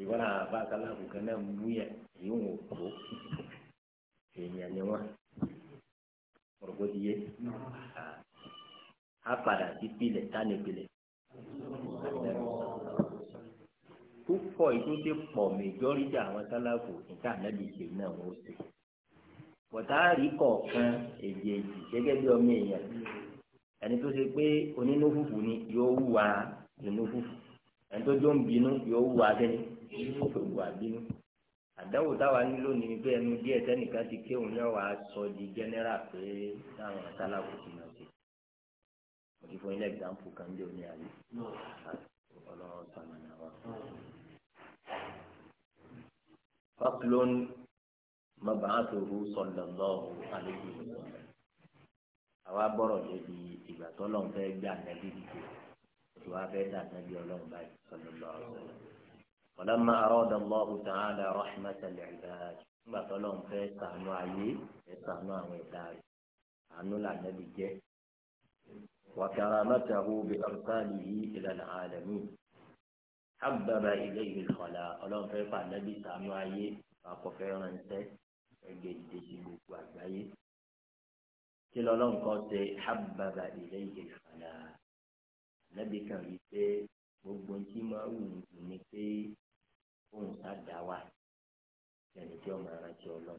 ìwọ́n àwọn àbá sáláàbù kan náà mú yẹ èyí wò ó èèyàn ni wọ́n ọ̀rọ̀gbọ́n ti yé a padà sí pilẹ̀ tani pilẹ̀ púpọ̀ ìtúndé pọ̀ mẹjọ́rìtì àwọn sáláàbù níta ànábì ṣe náà wọ́n ṣe pọ̀tárì kọ̀ọ̀kan èjèèjì gẹ́gẹ́ bí ọmọ èèyàn ẹni tó ṣe pé onínú fùfù ni yóò wúwa inú fùfù ẹni tó jó ń bínú yóò wúwa gẹ́ni inú gbogbo àbínú àdáwò táwa ní lónìí ni pé ẹnu díẹ̀ tẹ́nìkan ti kéwòn náà wàá sọ di general pé táwọn asálàkù ti máa ṣe mo ti fún ilé ẹgbàmpù kan jẹ òní àlè Ọlọ́run sàmìnà wa. faklon mabaatuhu sallallahu alayhi wa sallam àwa bọ̀rọ̀ débi ìgbà tọ́lọ́run fẹ́ gbé ànábì dìde òtún wa fẹ́ dà ànábì ọlọ́run báyìí sallallahu alayhi ọ̀làmà àrọ́dà lọ́hùn tààlà rọ́ṣmẹ́tẹ̀lẹ̀ ìdájọ́ nígbà tó lọ́n fẹ́ sànú ayé fẹ́ sànú àwọn ẹ̀dá rẹ̀ àánú làdẹ́bí jẹ́ وكرامته بأرساله إلى العالمين حبب إليه الخلاء ọlọ́run fẹ́ fà nẹ́bí sànú ayé àkọ́fẹ́ ránṣẹ́ ẹgbẹ́ ìdèjì gbogbo àgbáyé kí lọ́lọ́run kan ṣe حبب إليه الخلاء nẹ́bí kan rí pé gbogbo tí máa wù ní pé fóun sáàdá wa lẹ́nu tí ọmọ ara ti ọlọ́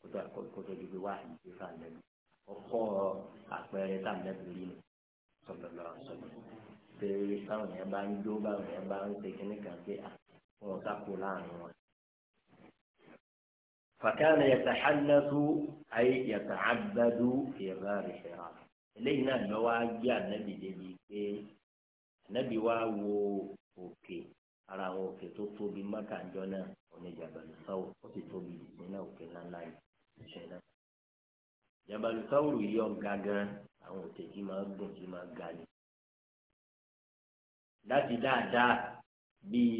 kótó àkókò tó di wá ìdí fà lẹ́nu ọkọ àpẹẹrẹ tá lẹ́nu yìí ni sọlọlọ sọlọ pé báwọn yẹn bá ń jó báwọn yẹn bá ń ṣe kíní kan pé wọn sáko láàrin wọn. فكان يتحنث أي يتعبد في غار حراء eléyìí náà lọ́wọ́ á gbé òkè ara àwọn òkè tó tóbi mákàjọ náà òní jàbàlù sáwò ó sì tóbi nínú òkè ńláńlá yìí ṣe náà. jàbàlù yìí àwọn òkè tí máa gùn tí máa ga ni. láti dáadáa bíi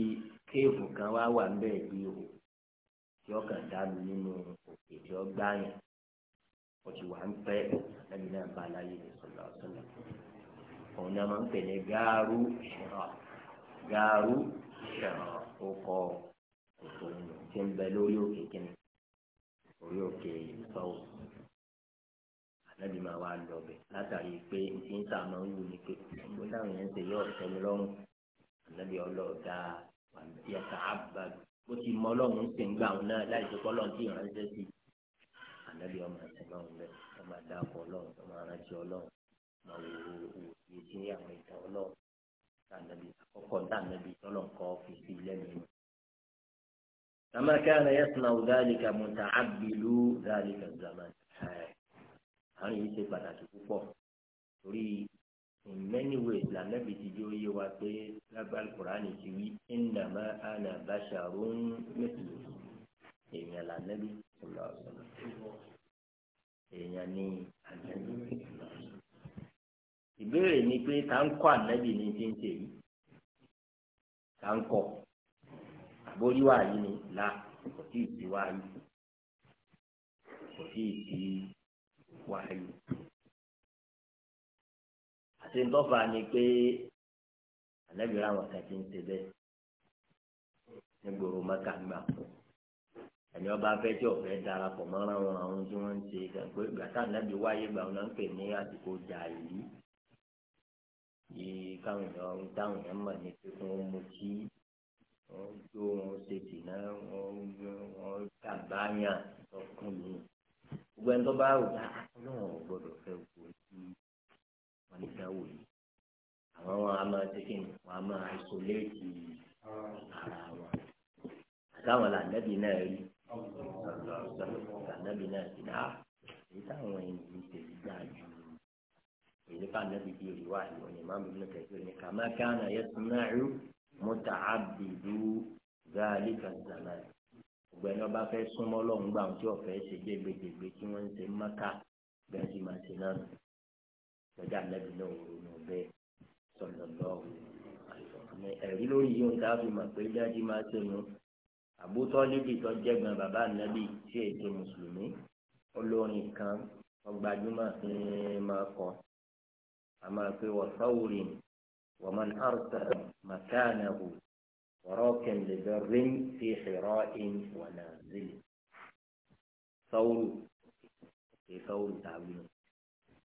kéèfù kan wá wà ń bẹ́ẹ̀ o tí dá mi nínú òkè tí ó gbá yẹn ó ti wà ń pẹ́ lẹ́yìn náà bá aláyé ní sọ̀rọ̀ òun náà gàrú ṣẹ̀rọ̀ ọkọ̀ òkò tí ń bẹ lórí òkè kínní orí òkè ìtọ́wò ànábì máa wá lọ bẹ̀ látàrí pé ti ń tà máa ń wù ní pé gbogbo táwọn yẹn ń ṣe yọ ọ̀tẹ́ mi lọ́rùn ànábì ọlọ́ọ̀dà yàtà àbàdù bó ti mọ ọlọ́run ṣe ń gbà wọn náà láì tó kọ́lọ́n tí ìránṣẹ́ sí ànábì ọmọ àti ọlọ́run bẹ́ẹ̀ ọmọ àdàpọ̀ ọlọ́run ọmọ aránsẹ́ ọlọ́run ọmọ wò wò wò àwọn ìtàn ọlọ́run ọkọ̀ dá nàbí tọ́lọ̀ nǹkan ọ́fíìsì lẹ́nu. kama kana yasna'u dhalika muta'abbilu dhalika zaman. àwọn yìí ṣe pàtàkì púpọ̀ torí in many ways la nàbí ti jó yé wa pé lábàlì kùránì ti wí innama ana basharun mithlukum èèyàn la nàbí sallallahu alaihi wasallam èèyàn ní àjẹjù ìbéèrè ni pé ta ń kọ́ ànábì ní ti ń ṣe yìí là ń wa àbórí wà yìí ni là kò tí ì sí wà yìí kò tí ì sí wà yìí. àti ntọ́fà ni pé ànábì ráwọn kan ti ń ṣe bẹ́ẹ̀ ní gbòòrò mẹ́ka gbà ẹni ọba afẹ́jọ́ ọ̀fẹ́ darapọ̀ mọ́ra wọn àwọn tí wọ́n ń ṣe gbàtà ànábì wáyé gbà wọn náà ń pè ní àsìkò jà yìí yìí káwọn èèyàn ń táwọn èèyàn mọ̀ ní pé kí wọ́n mutí wọ́n jó wọn ṣe dìná wọ́n tàbáyà lọ́kùnrin gbogbo ẹni tó bá wù bá ah, ọlọ́run gbọ́dọ̀ fẹ́ wò ó sí wọn ní ìdáwò yìí àwọn wọn a máa tẹ́kẹ̀ ní wọn a máa isoléètì ara wọn àtàwọn làǹdẹ́bì náà rí làǹdẹ́bì náà ti dá ah, èyí táwọn ènìyàn tẹ̀lé dáa jù èyí ká nẹ́bi bí èrè wá ìwọ ni ìmáàmù Ibn Kathir ní kama kana yasma'u muta'abbidu dhalika zaman ọgbẹ́ni ọba fẹ́ súnmọ́ lọ́hùn gbà tí ọ̀fẹ́ ṣe gbégbégbé tí wọ́n ń ṣe mọ́ká bẹ́ẹ̀ sì máa ṣe náà lọ́jà nẹ́bi náà ronú bẹ́ẹ̀ sallallahu ẹ̀rí lórí yìí ń dáàbò mà pé jáde máa ṣe nu àbótọ́ níbi tó jẹ́gbọ́n bàbá ànábì tí èdè mùsùlùmí olórin kan ọgbàdúmọ̀ fi máa kọ أما في وصول ومن أرسل مكانه وراك لبر في حراء ونازل صول في صول تعبير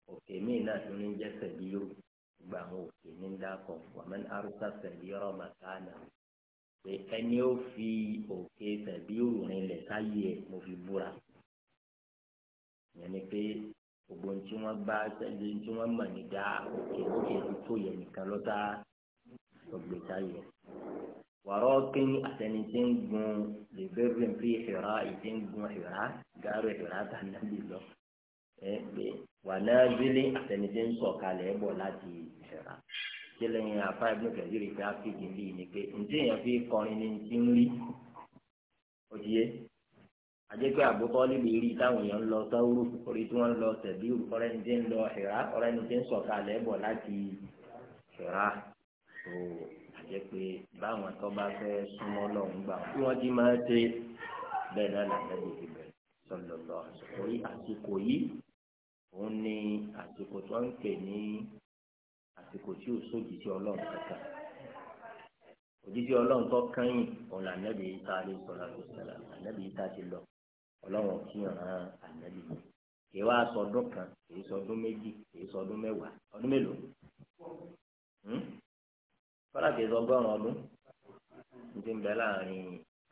أوكي مين أتنين جا سبيو بأموكي من داكم ومن أرسل سبيرا مكانه في أن يوفي أوكي سبيو من لسالي مفي بورا يعني في gbogbo ní tí wọ́n bá sẹ́lẹ̀ ní tí wọ́n mọ̀ ní dáa òkè òkè tó yẹ nìkan lọ́tà ọgbẹ́ táyé. wàrọ̀ kín àtẹni tí ń gun lèbèrè fi ìhìrá ìdí ń gun ìhìrá gàrú ìhìrá tà nàbì lọ. ẹ pé wà náà bílé àtẹni tí ń sọ̀kalẹ̀ ẹ̀ bọ̀ láti ìhìrá. kílẹ̀ yẹn afá ibùdó kẹ̀síìrì fi áfíìkì bíi ni pé ǹjẹ́ yẹn fi kọrin ní ti ń rí. ó ti yé àjẹpẹ́ àbúkọ́ níbi ìrí táwọn èèyàn ń lọ sáwúrú orí tí wọ́n ń lọ tẹ̀bí ọ̀rẹ́ ní ti ń lọ ṣẹ̀rá ọ̀rẹ́ ní ti ń sọ̀kalẹ̀ bọ̀ láti ṣẹ̀rá tó àjẹpẹ́ báwọn tó bá fẹ́ súnmọ́ lọ́hùn gbà tí wọ́n ti máa ṣe bẹ́ẹ̀ náà làbẹ́bí ti bẹ̀rẹ̀ sọ̀lọ̀lọ̀ àsìkò yìí àsìkò yìí òun ni àsìkò tó ń pè ní àsìkò tí ò sójì sí ọlọ́run kankan òjijì ọlọ́run tó kányìn òun ọlọ́run kí ọ̀ràn ànábì yẹn kì í wá sọdún kan kì í sọdún méjì kì í sọdún mẹ́wàá ọdún mélòó hmm? fọlá kì í sọ ọgọ́rùn-ún ọdún ní ti ń bẹ láàrin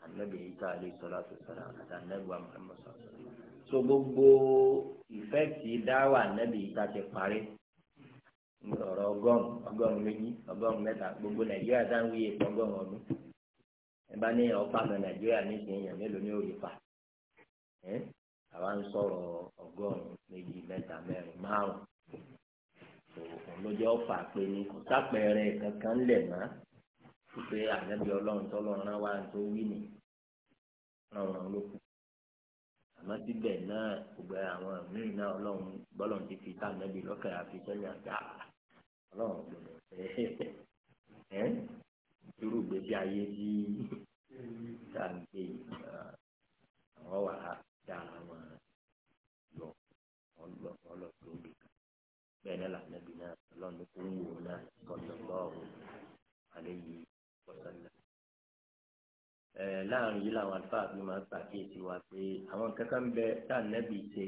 ànábì yìí tá a lè sọ láti sọ̀rọ̀ àti ànábì wa Muhammad sọ̀rọ̀ so gbogbo ìfẹ́ tí dáwà ànábì yìí tá a ti parí ọ̀rọ̀ ọgọ́rùn-ún ọgọ́rùn-ún méjì ọgọ́rùn-ún mẹ́ta gbogbo Nàìjíríà dáhùn yìí ọgọ́rùn-ún ọdún ẹ bá ní ọ̀pá ẹ àwa ń sọ̀rọ̀ ọgọ́rùn méjì mẹ́ta mẹ́rin márùn òun ló jẹ́ ọ̀fà pé ní kò sápẹ̀rẹ̀ kankan lẹ̀ mọ́ pípé ànábì ọlọ́run tọ́lọ́run wá tó wí nì ọlọ́run ló kù àmọ́ síbẹ̀ náà gbogbo àwọn míì náà ọlọ́run bọ́lọ̀ ti fi tá ànábì ọlọ́run kò [LAUGHS] irú ìgbésí [LAUGHS] tá a máa lọ ọlọ ọlọ tó lè kà bẹ́ẹ̀ náà lànà bí náà ọlọ́run tó ń wò náà kọlọ lọ́rùn alẹ́ yìí kọsánná. ẹ láàrin yìí làwọn àlùfáà fi máa ń pàkíyèsí wa pé àwọn kankan bẹ tá a nẹ́bi ṣe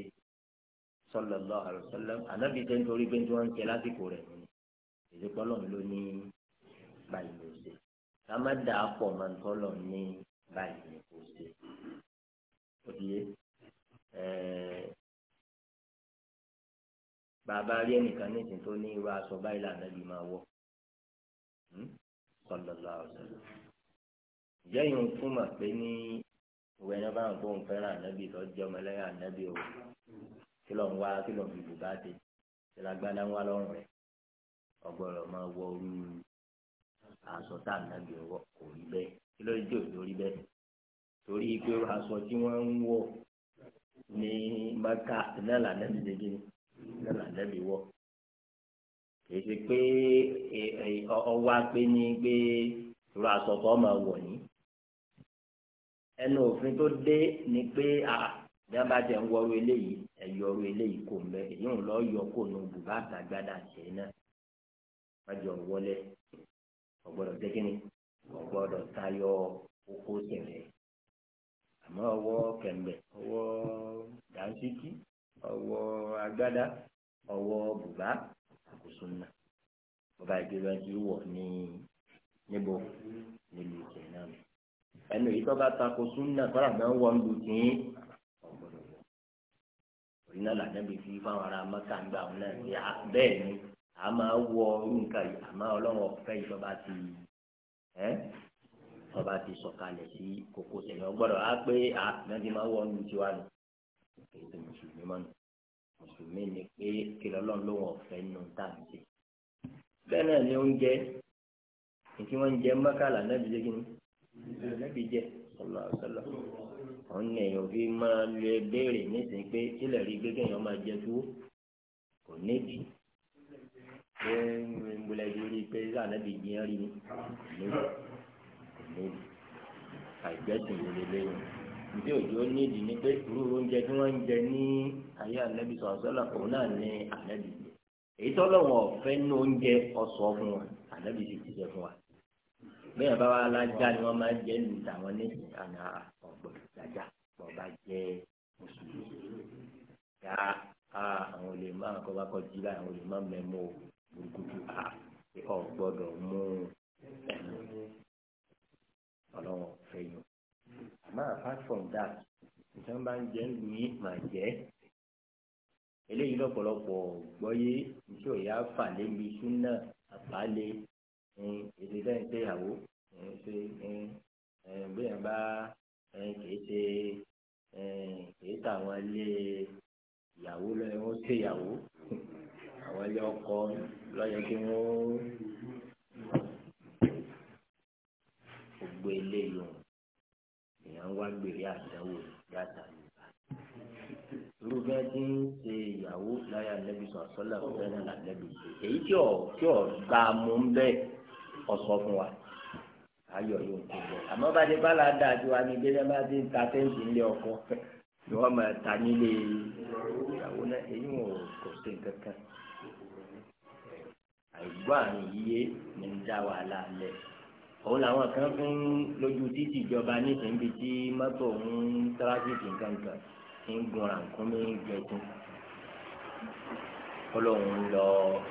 sọlọ lọ àròsọlọ ànábi tẹ nítorí pé tí wọn ń tẹ lásìkò rẹ nù èdè ló ní báyìí ló ṣe ká má dà á pọ̀ máa ń tọ́lọ̀ ní báyìí ló ṣe. Eh, bàbá rí ẹnìkan nísìn tó ní irú aṣọ báyìí lànà bí máa wọ sọlọlá ọsọlọ jẹyìn túmọ̀ pé ní ìwé ẹni bá ń bọ̀ ń ànábì tó jẹ́ ọmọlẹ́yìn ànábì o kí ló ń wá kí ló ń ń wá wọ aṣọ tá ànábì wọ kò ní maka náà lànàbì dégé náà lànàbì wọ kìí ṣe pé ọwọ́ apé ní pé ìrọ̀ àsọ̀tọ̀ ọmọ wọ̀ ní ẹnu òfin tó dé ni pé bí wọ́n bá jẹ́ ń wọ́rọ̀ eléyìí ẹ̀yọ̀rọ̀ eléyìí kò ń bẹ èyí ń lọ yọ kó nu bùbá àtàgbádà tẹ̀ náà wájọ wọlé ọgbọ́dọ̀ jẹ́ kínní ọgbọ́dọ̀ tayọ oko tẹ̀lé àmọ́ ọwọ́ kẹ̀mbẹ̀ ọwọ́ dàńsíkí ọwọ́ agbádá ọwọ́ bùbá kò súnmọ́ bàbá ìgbéra ti wọ̀ ní níbo nílùú ìtẹ̀ náà ẹnu yìí tó bá tako súnmọ́ kọ́ra náà wọ́n lu tìǹ ọ̀gbọ̀dọ̀ wọ̀ oríná làdẹ́bí fi fáwọn ará mọ́ta ń gbà wọn náà ní bẹ́ẹ̀ ni a máa wọ nǹkan yìí àmọ́ ọlọ́run ọ̀fẹ́ yìí tó ti ẹ́ tó ti sọ̀kalẹ̀ sí kókó sẹ̀yìn ọgbọ́dọ̀ á pé àtúntàn máa wọ ọ́nù tiwa nù kìí ṣe mùsùlùmí mọ́nu mùsùlùmí ni pé kìlọ̀ ọlọ́run ló wọ̀ fẹ́ nù táǹtì bẹ́ẹ̀ náà ni oúnjẹ nítí wọ́n ń jẹ mọ́kàlá náà bìí jẹ́ nábì jẹ sọlá sọlá àwọn èèyàn fi máa lo ẹbẹrẹ nísìnyí pé kílẹ̀ rí gẹ́gẹ́ yẹn máa jẹ tó kò níbi pé ńgbọ́lẹ̀ yìí rí i pé ànábì yẹn rí ni kò níbi àìjẹ́sìn wọlé lẹ́yìn bí òjò nídìí ni pé irú oúnjẹ tí wọ́n ń jẹ ní ayé ànábì sọ̀rọ̀ sọ́là òun náà ní ànábì èyí tọ́lọ́wọ̀n ọ̀fẹ́ ní oúnjẹ ọ̀sọ̀ fún wọn ànábì sì ti jẹ fún wa bẹ́ẹ̀ bá wa lájà ni wọ́n máa ń jẹ́ lù tàwọn nísìn àná ọ̀gbọ̀n lájà ọba jẹ́ mùsùlùmí yá àwọn olè máa kọ́ bá kọ́ jí láyà àwọn olè máa mẹ́mọ́ burúkutu à ọ̀gbọ́dọ̀ mú ẹnu fẹ́ yàn àmọ́ apart from that nǹkan bá ń jẹ́ lu yìí mà jẹ́ eléyìí lọ́pọ̀lọpọ̀ gbọ́yé tí ò yá fà lébi súnà àpálẹ̀ èdè sẹ́yìn pé ìyàwó ṣe bóyá bá kìí ṣe kìí tàwọn ilé ìyàwó lọ́yẹ wọ́n ṣe ìyàwó àwọn ilé ọkọ lọ́yẹ kí wọ́n gbogbo eléyìí èèyàn wá gbèrè àdánwò yàtà yorùbá rúbẹ́ tí ń ṣe ìyàwó láyà lẹ́bi sọ̀sọ́lá fẹ́rẹ́ là lẹ́bi ṣe èyí tí ọ̀ tí ọ̀ gbà mú ń bẹ́ ọ̀sọ́ fún wa ayọ̀ yóò tó bọ̀ àmọ́ bá ti bá la dá ju wa ní gbẹ́dẹ́ bá ti ń ta fẹ́ǹsì ńlẹ̀ ọkọ ni wọ́n máa ta nílé ìyàwó náà èyí wọn kò sí nǹkan àìgbọ́ àrùn yíyé ní ń dá wàhálà lẹ̀ òun làwọn kan fún lójú títì ìjọba nísìnyí tí mọ́tò ń tráfíìkì kankan ń gun àǹkúnmí gẹ̀ẹ́tún kọlọ́hún lọ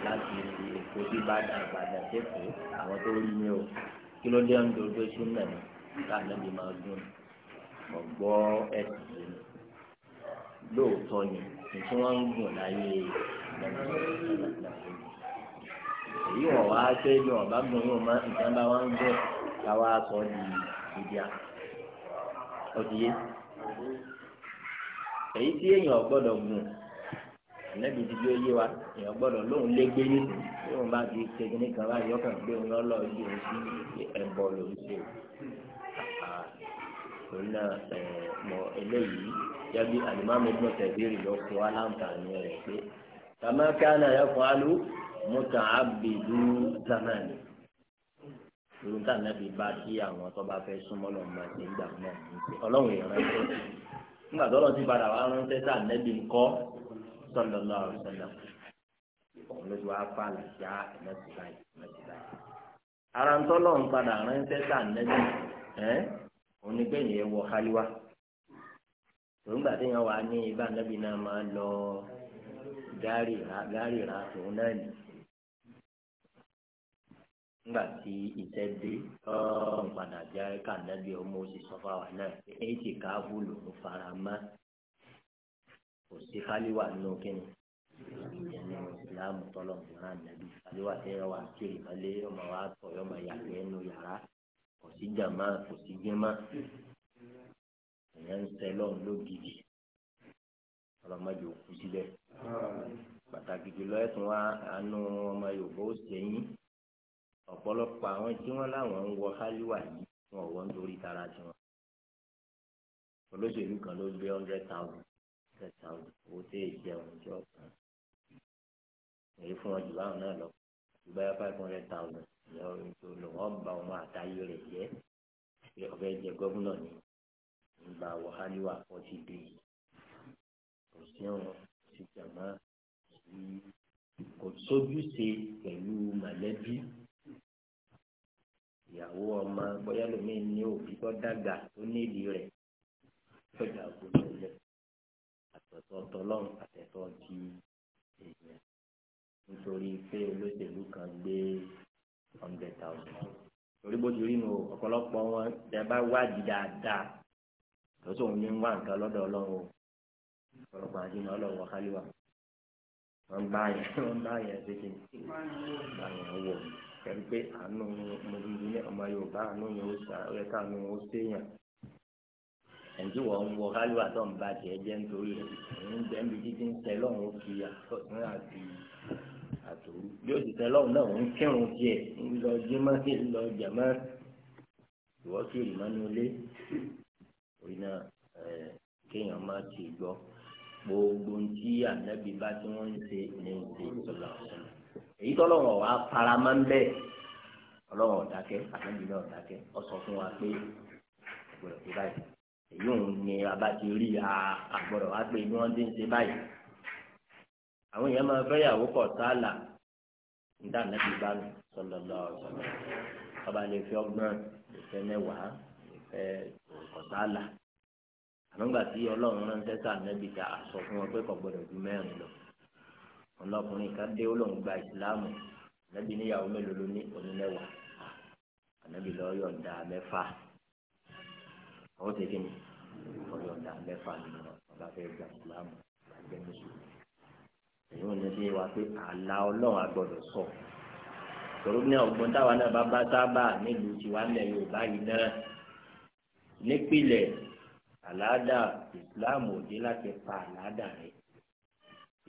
láti èkó sí ìbàdàn ìbàdàn sẹ́kọ̀ọ́ àwọn tó rí mi ò kí ló dé ọ̀nà tó sún náà ní káàdébí máa dùn ọ̀gbọ́ ẹ̀sìn yìí lóòótọ́ ni tí wọ́n ń gùn láyé nàìjíríà èyí wọ̀ wá ṣe ní ọ̀bá gbọ̀n yóò má nǹkan bá wá ń bẹ̀ káwá sọ di ìdíà ọ̀dìyẹ. èyí tí èèyàn gbọ́dọ̀ gùn nẹ́bi ti yóò yé wa èèyàn gbọ́dọ̀ lóun lé gbé ní tí òun bá ti ṣẹ́gi ní kan báyìí ọkàn gbé òun lọ́lọ́ yìí òun sí ẹ̀bọ lòún ṣe òun náà ẹ̀ mọ̀ eléyìí yàgbé alimami gbọ́dọ̀ tẹ̀lé ìlọ́kùn aláǹfààní rẹ̀ pé kàmákàánà yẹ mutaabidu zamani irun tá nàbí bá kí àwọn tó bá fẹ́ súnmọ́ lọ máa ṣe ń gbà náà ọlọ́run ìran ṣe nígbà tó lọ́n ti padà wá ránṣẹ́ tá nàbí ńkọ́ sallallahu alaihi wasallam òun ló ti wá fà làjá ẹ̀mẹ́sì báyìí ẹ̀mẹ́sì báyìí. ara ń tọ́lọ̀ ń padà ránṣẹ́ tá nàbí ẹ̀ òun ni bẹ́ẹ̀ yẹn wọ haliwa tòǹgbà téèyàn wà ní ibà nàbí náà máa lọ gáàrì rà gáàrì rà tòun náà nìyí nígbà tí ìtẹ́ dé ọ̀rọ̀ padà jẹ́ kànáàbí ọmọ òsì sọ́fà wà náà èyí ti káàbù lòún fara mọ́ kò sí fáliwà nínú kíni ìyẹnì ìsìlámù tọ́lọ̀ ìran nàbí fáliwà tẹ́ ẹ wà kí ìmọ̀lẹ́ ọmọ wa tọ̀ ẹ ọmọ yàgbẹ́ ẹnu yàrá kò sí jàmá kò sí jẹ́má ìyẹn ń sẹ lọ́run lógìkì ọlọ́mọdé òkú síbẹ̀ pàtàkì jùlọ ẹ̀sùn wa àánú ọmọ Yorùbá ó sẹ́yìn ọ̀pọ̀lọpọ̀ àwọn tí wọ́n láwọn ń wọ hálíwà yìí wọn ò wọ́n torí tara tiwọn olóṣèlú kan ló gbé hundred thousand hundred thousand owó tí èyí jẹun tí ó èyí fún ọjọ́ báwọn náà lọ ìbáyà five hundred thousand ìyá orin tó lò wọ́n ba ọmọ àtayé rẹ̀ jẹ́ ọ̀fẹ́ jẹ gómìnà ni ìgbà wọ hálíwà forty days kò sí ọ̀run sí jàmá kò sójúṣe pẹ̀lú mọ̀lẹ́bí ìyàwó ọmọ bóyá lómi ní òbí tó dàgbà tó nídìí rẹ̀ tọ́jà gbogbo ilẹ̀ àtẹ̀tọ́ tọlọ́run àtẹ̀tọ́ ti èèyàn nítorí pé olóṣèlú kan gbé hundred thousand torí bó ti rí nu ọ̀pọ̀lọpọ̀ wọn tẹ bá wádìí dáadáa lọ́sọ̀ òun ní ń wá nǹkan lọ́dọ̀ ọlọ́run o ọ̀pọ̀lọpọ̀ àti ní ọlọ́run wọ kálíwà wọ́n bá yẹn [LAUGHS] wọ́n bá yẹn ṣe kí ni bá yẹn wọ̀ mí pẹ̀lú pé àánú mọ̀lúmọ̀lú ní ọmọ yorùbá àánú yẹn ó sà ó yẹ káàánú ó séèyàn ẹ̀ǹtí wọ́n ń wọ kálíwà tó ń bàjẹ́ jẹ́ nítorí rẹ̀ ń jẹ́ níbi títí ń tẹ lọ́run ó fi àtọ̀tún àti àtòrú bí ó sì tẹ lọ́run náà ń kírun tiẹ̀ ń lọ jímọ́ ń lọ jẹ̀mọ́ ìwọ kí ìmọ̀nú ilé orí náà kéèyàn má ti gbọ́ gbogbo ohun tí ànábì bá tí wọ́n ń ṣe ní ìṣèjọba ọ̀sán èyí tó lọ́wọ́ wa fara máa ń bẹ́ẹ̀ ọlọ́wọ́ ọ̀dákẹ́ àtẹ́bí náà ọ̀dákẹ́ ọ sọ fún wa pé ìgbọ̀dọ̀ ṣe báyìí èyí òun ni abájí rí àgbọ̀dọ̀ wa pé bí wọ́n ti ń ṣe báyìí àwọn èèyàn máa fẹ́ yàwó kọ̀ sáàlà níta nẹ́bí bá mi sọ̀lọ̀ lọ sọ̀lọ̀ ọba lè fi ọgbọ́n ìfẹ́ mẹ́wàá ìfẹ́ kọ̀ sáàlà àmọ́ gbà tí ọlọ́run ránṣẹ́ sáà nẹ́bí ta fún wọn pé kò gbọdọ̀ ju mẹ́rin lọ ọlọkùnrin kan dé olóhùn gba ìsìláàmù ànábì níyàwó mélòó ló ní onílẹ̀wà ànábì lọ yọ̀ǹda mẹ́fà ó ti kí ni lọ yọ̀ǹda mẹ́fà nínú ọba fẹ́ gba ìsìláàmù àgbẹ̀ mùsùlùmí èyí ò ní bí wa pé àlà ọlọ́run agbọ́dọ̀ sọ tòró ní ọgbọ́n táwa náà bá bá sábà nílùú tiwa ńlẹ̀ Yorùbá yìí náà nípìnlẹ̀ àlàádà ìsìláàmù òde láti pa àlàádà rẹ̀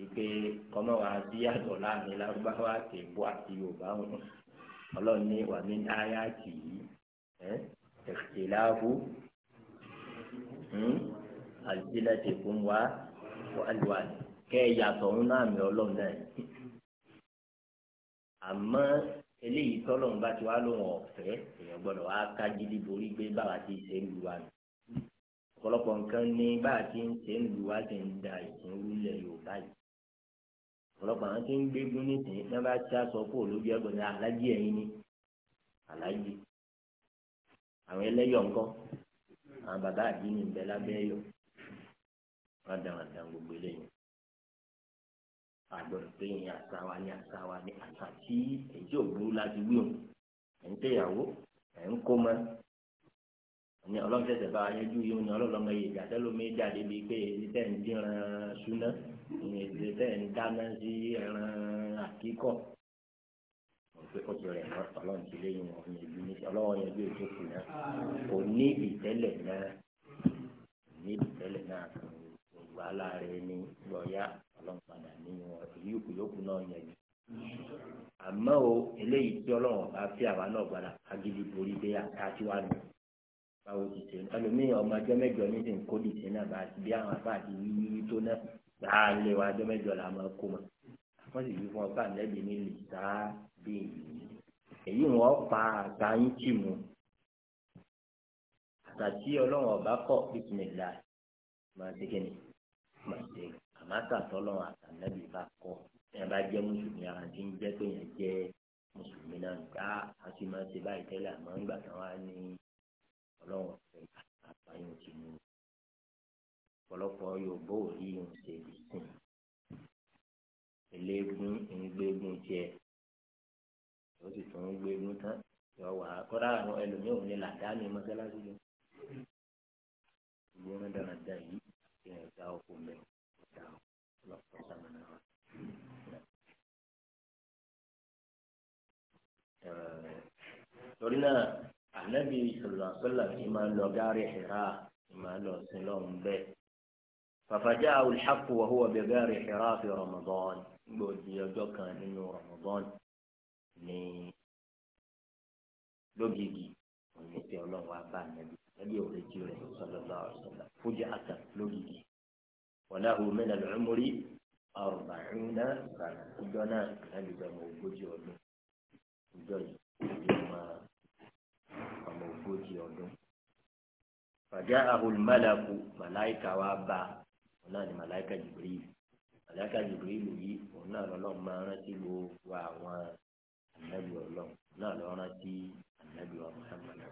ìpè kọ́mọ wa sí yàtọ̀ láàrin lárúbáwá àti ìbú àti yorùbá wọn ọlọ́run ní wà ní ayé àti yìí ẹ̀kìláàbù hm, àlùsílẹ̀tì fún wa wàlúwà kẹ́ ẹ̀ yàtọ̀ ń náà mi ọlọ́run náà àmọ́ eléyìí tọ́lọ́run bá ti wá lóhùn ọ̀fẹ́ èèyàn gbọ́dọ̀ wá kájílí borí gbé báwa ti ṣe ń lu wa nù ọ̀pọ̀lọpọ̀ nǹkan ní bá a ti ń ṣe ń lu wa ti ń da ìsìn orílẹ̀ yorùbá yìí ọ̀pọ̀lọpọ̀ àwọn tí ń gbégun nísìnyí ní wọ́n bá ti aṣọ kó olóbi ẹgbẹ́ ní alájí ẹ̀yìn ni alájí àwọn ẹlẹ́yọ̀ ńkọ́ àwọn bàbá àdínì ń bẹ lábẹ́ ẹ̀yọ̀ wọ́n dàn wọ́n dàn gbogbo eléyìí àgbọ̀dọ̀ pé ìyẹn àṣà wa ní àṣà wa ní àṣà tí èyí ò burú láti wí òun ẹ̀ ń tẹ̀yàwó ẹ̀ ń kó mọ́ ní ọlọ́fẹ̀sẹ̀ bá yẹjú yìí ní ọlọ́lọ́mọ yìí jáde lómi jáde bíi pé ẹni tẹ́ ń dín ìyẹn ìgbé bẹ́ẹ̀ ń dáná sí ẹran àkíkọ̀ pé ọlọ́run ti léyìn wọn ní yẹn bí ètò kù náà kò ní ìtẹ́lẹ̀ náà ní ìtẹ́lẹ̀ náà gbogbo aláàárẹ̀ ní lọ́ọ̀yà ọlọ́run padà ní wọn èyí òkú yòókù náà yẹn jù. àmọ́ o eléyìí tí ọlọ́run bá fi àwa náà gbára agídí borí dé àtàtìwá nù báwo ti ṣe ẹlòmíràn ọmọ ẹjọ́ mẹ́jọ ní ti ń kó dìtì náà bá ti bí àwọn àbá yíyí tó náà gbàá lé wa ọjọ́ mẹ́jọ là máa kó ma wọ́n sì fi fún ọkọ àlẹ́bí ní lìsá bí èyí wọ́n pa àgbà ń tì mú àtàtì ọlọ́run ọba kọ̀ bísímìlá máa ṣe kíni máa ṣe àmọ́ àtàtọ́ ọlọ́run àtàlẹ́bí bá kọ́ ẹ̀ bá jẹ́ mùsùlùmí ara ti ń jẹ́ pé yẹn jẹ́ mùsùlùmí náà gbá a máa ṣe báyìí tẹ́lẹ̀ àmọ́ ńgbà táwọn á ní ọlọ́run ọ̀fẹ́ àbáyọ̀ ti mú ọ̀pọ̀lọpọ̀ yorùbá ò rí ìhun ṣe ìsìn eléégún ìgbégún tiẹ̀ ó sì tún ń gbégún tán yọ wà á kọ́ra àwọn ẹlòmíràn ò ní làdáni mọ́sálásí lọ gbóná dáradá yìí ìyẹn ìta ọkọ mẹ ọta ọlọpàá sàmìnà wa. torí náà ànábì sallallahu alaihi ti máa ń lọ gárí Hira ti máa ń lọ sí lọ́hùn bẹ́ẹ̀. ففجاءه الحق وهو بغير حراف رمضان بود يجوكا انه رمضان ني لوجيجي ونسي الله وابا النبي النبي ورجيو صلى الله عليه وسلم فجاء لوجيجي وله من العمر أربعين سنة إدونا النبي ده موجودي ودون إدوني ما موجودي فجاءه الملك ملائكة وابا òun náà ni màláìka Jibril màláìka Jibril yìí òun náà lọ́lọ́run máa rántí gbogbo àwọn ànábì ọlọ́run náà lọ́ rántí ànábì ọmọ àgbàlá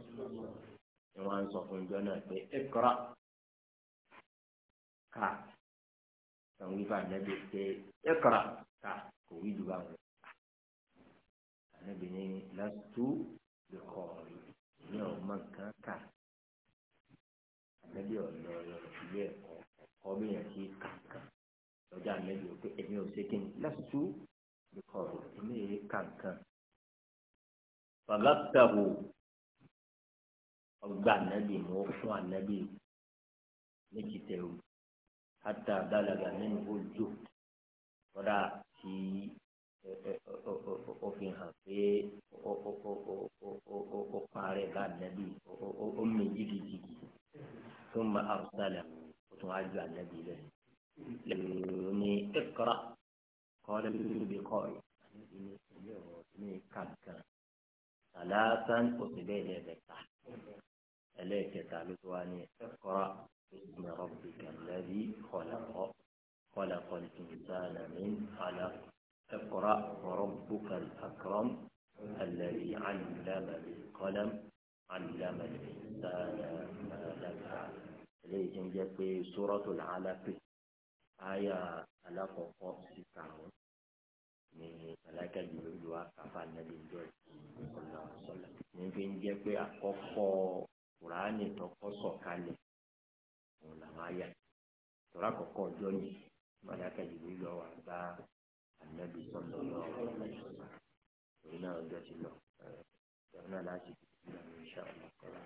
ni wọ́n á ń sọ fún ìjọ náà pé Iqra ká àwọn wíwá ànábì pé Iqra ká kò wí jù báwọn ànábì ní lásìtú lè kọ́ ọ̀rẹ́ ní ọ̀ma nǹkan ká ànábì ọ̀lọ́rẹ́ ọdún yẹn ti lọ́jà mẹ́bí o pé èmi ò ṣe kíni lásìkò ìkọ̀ èmi èyí kankan. Fàlàtàwò ọgbà ànábì mú fún ànábì méjì tẹ̀wò hátà bàlágà nínú ojú kọ́dà tí ó fi hàn pé ó parẹ́ bá ànábì ó méjì gidigidi tó máa àrùsálẹ̀. تعز الذي لم لم اقرا قال بقائي ثلاثاً أتبعي لذلك تحت إليك تعلتواني اقرأ باسم ربك الذي خلق خلق الإنسان من خلق اقرأ وربك الأكرم الذي علم بالقلم علم الإنسان ما لم يعلم eléyìí tó ń jẹ́ pé Suratul Alaq àyà alákọ̀ọ́kọ́ sí kàrún ní màláíkà Jibril wa káfà nàbí ìjọ ìsọlá sọlá ní fi ń jẹ́ pé àkọ́kọ́ kùránì tọkọ sọ̀kalẹ̀ òun làwọn àyà tọ́lá àkọ́kọ́ ọjọ́ ni màláíkà Jibril wa bá ànábì sọlá sọlá òun náà ọjọ́ ti lọ ẹ̀rọ náà láti fi ìlànà ìṣàkóso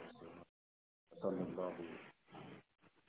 ọ̀sán lọ́wọ́.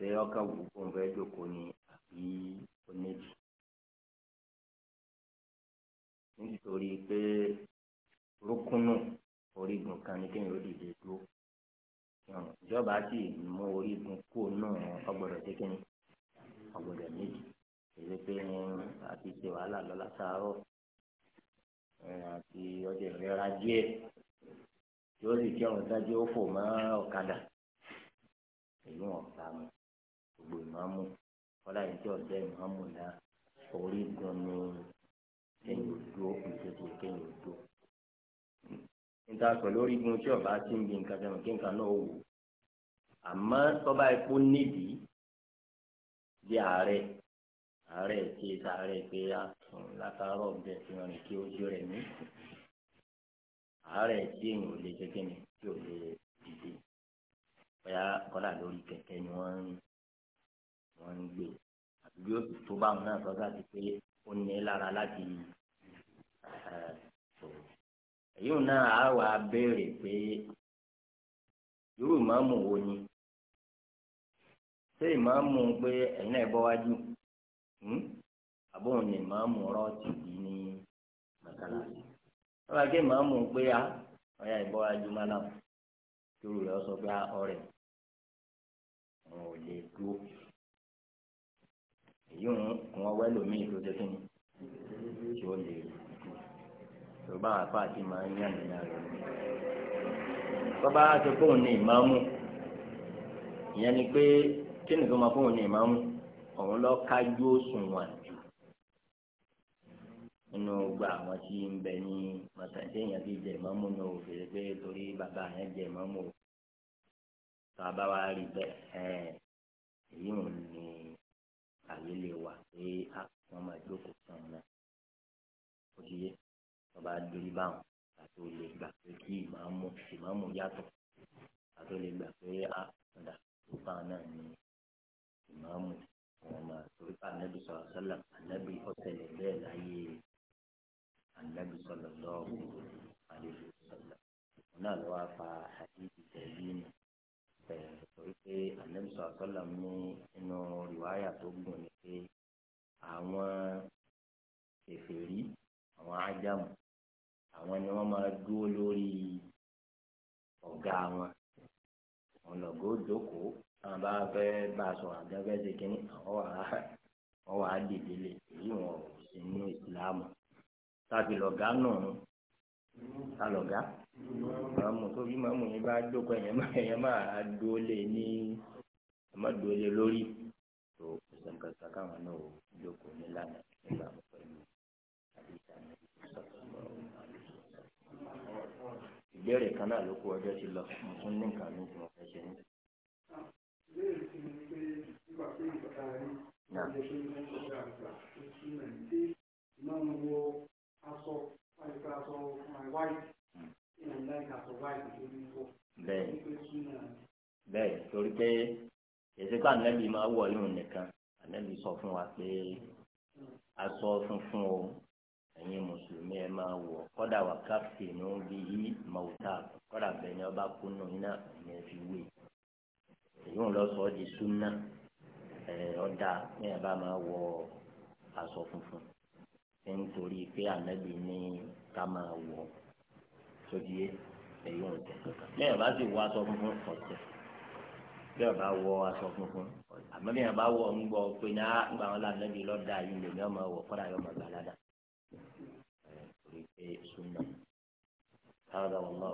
ṣé ọkàn wù kó ń fẹ́ jókòó ni àbí onídìí. nítorí pé rúkúnù orígun kan ní kéèyàn ó dìde dúró ìjọba sì mú orígun kú náà ọgbọ́dọ̀ ṣe kíni ọgbọ́dọ̀ méjì èyí pé àti ṣe wàhálà lọ látàárọ̀ àti ọjọ́ ìrẹ́ra díẹ̀ yóò sì kí ọrùn dájú ó fò mọ́ ọ̀kadà èyí wọn ọ̀tá mọ́ gbogbo ìmáàmù kọ́lá yìí tí ọ̀jẹ́ ìmáàmù náà orí gan ni kẹ́yìn ojú ìṣètò kẹ́yìn ojú. níta pẹ̀lú orígun tí ọba ti ń bi nǹkan fẹ́ràn kí nǹkan náà wò àmọ́ tọ́ba epo nídìí bí ààrẹ ààrẹ tí ìta ààrẹ pé àtún látàárọ̀ bẹ́ẹ̀ fi hàn kí ojú rẹ̀ ní ààrẹ tí èèyàn ò lè ṣe kí ni tí ò lè dìde bóyá kọ́lá lórí kẹ̀kẹ́ ni wọ́n ń wọ́n ń gbé àti bí ó ti tó báwọn náà tọ́jà ti pé ó ní lára láti èyí náà á wà á béèrè pé irú ìmáàmù wo ni ṣé ìmáàmù pé ẹ̀yin náà bọ́ wájú àbóhùn ni ìmáàmù ní lọ́wọ́ akẹ́ ìmáàmù pé a ah, ọ̀yà ìbọ́ wájú sọ ah, yóò kún ọwọ́ ẹlòmíì tó ṣe kíni tí ó lè yorùbá àfa àti máa ń yàn nínú rẹ bàbá ṣe fóun ní ni pé kí ni tó máa fóun ní ìmáàmù òun lọ kájú òṣùwọ̀n jù nínú àwọn tí ń bẹ ní màtàǹtì èèyàn àyè lè wà pé ah, wọ́n máa jókòó fún un náà ó ti yé wọ́n bá dórí báwọn àti olè gbà pé kí ìmáàmù ìmáàmù yàtọ̀ àti olè gbà pé a ah, padà tó bá náà ní ìmáàmù wọn máa torí pé ànábì sọ̀rọ̀ sọ́là ànábì ọ̀sẹ̀lẹ̀ bẹ́ẹ̀ láyé ànábì sọ̀rọ̀ lọ́wọ́ àlejò sọ̀là náà lọ́wọ́ fa àdéhùn tẹ̀lé torí pé ànábìsọ àtọ́là ní inú rìwáyà tó gùn ni pé àwọn kèfèrí àwọn ájámù àwọn ni wọ́n máa dúró lórí ọ̀gá wọn ọ̀nà gòdòkó àwọn bá fẹ́ bá a sọ̀rọ̀ àgbẹ̀fẹ́ ṣe kínní àwọn wà á wọ́n wà á dìde lè èyí wọn ò sí nínú ìsìlámù tàbí lọ́gá náà alọ̀gá màmú tóbi màmú yín bá jókòó ẹ̀yẹ́ máa ẹ̀yẹ́ máa dúólé ní ẹ̀má dúólé lórí tó ṣe nǹkan kan káwọn náà jókòó nílànà nígbà pẹ̀lú àdìsá ní ìbéèrè kan náà ló kó ọjọ́ ti lọ mo tún ní nǹkan mi tí mo fẹ́ ṣe ní. ìbéèrè tí mo ní pé nígbà pé ìgbà rí ìjọba ìgbà tó túmọ̀ ní pé ìmáàmù wọ aṣọ bẹ́ẹ̀ bẹ́ẹ̀ torí pé èsìkò ànábì máa wọ̀ yóò nìkan ànábì sọ fún wa pé aṣọ funfun o ẹ̀yin mùsùlùmí ẹ máa wọ̀ kọ́dà wà káfíńtì ní ó bí yí mọ̀ọ́tà kọ́dà bẹ́ẹ̀ ni ọba kúnnù iná ẹ̀yìn fi wé èyí ń lọ sọ ọ́ di súnà ẹ̀ ọ́ dà ní ẹ̀ bá máa wọ aṣọ funfun. nítorí pé ànábì ní ká máa wọ̀ sódìé èyí ò tẹ̀ sì wọ aṣọ funfun wọ aṣọ funfun wọ ń pé ní àgbà wọn là ànábì yìí ọmọ pé هذا والله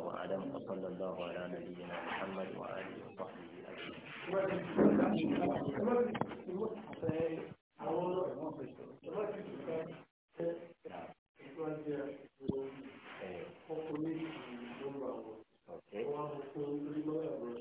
وصلى الله على نبينا It was, uh,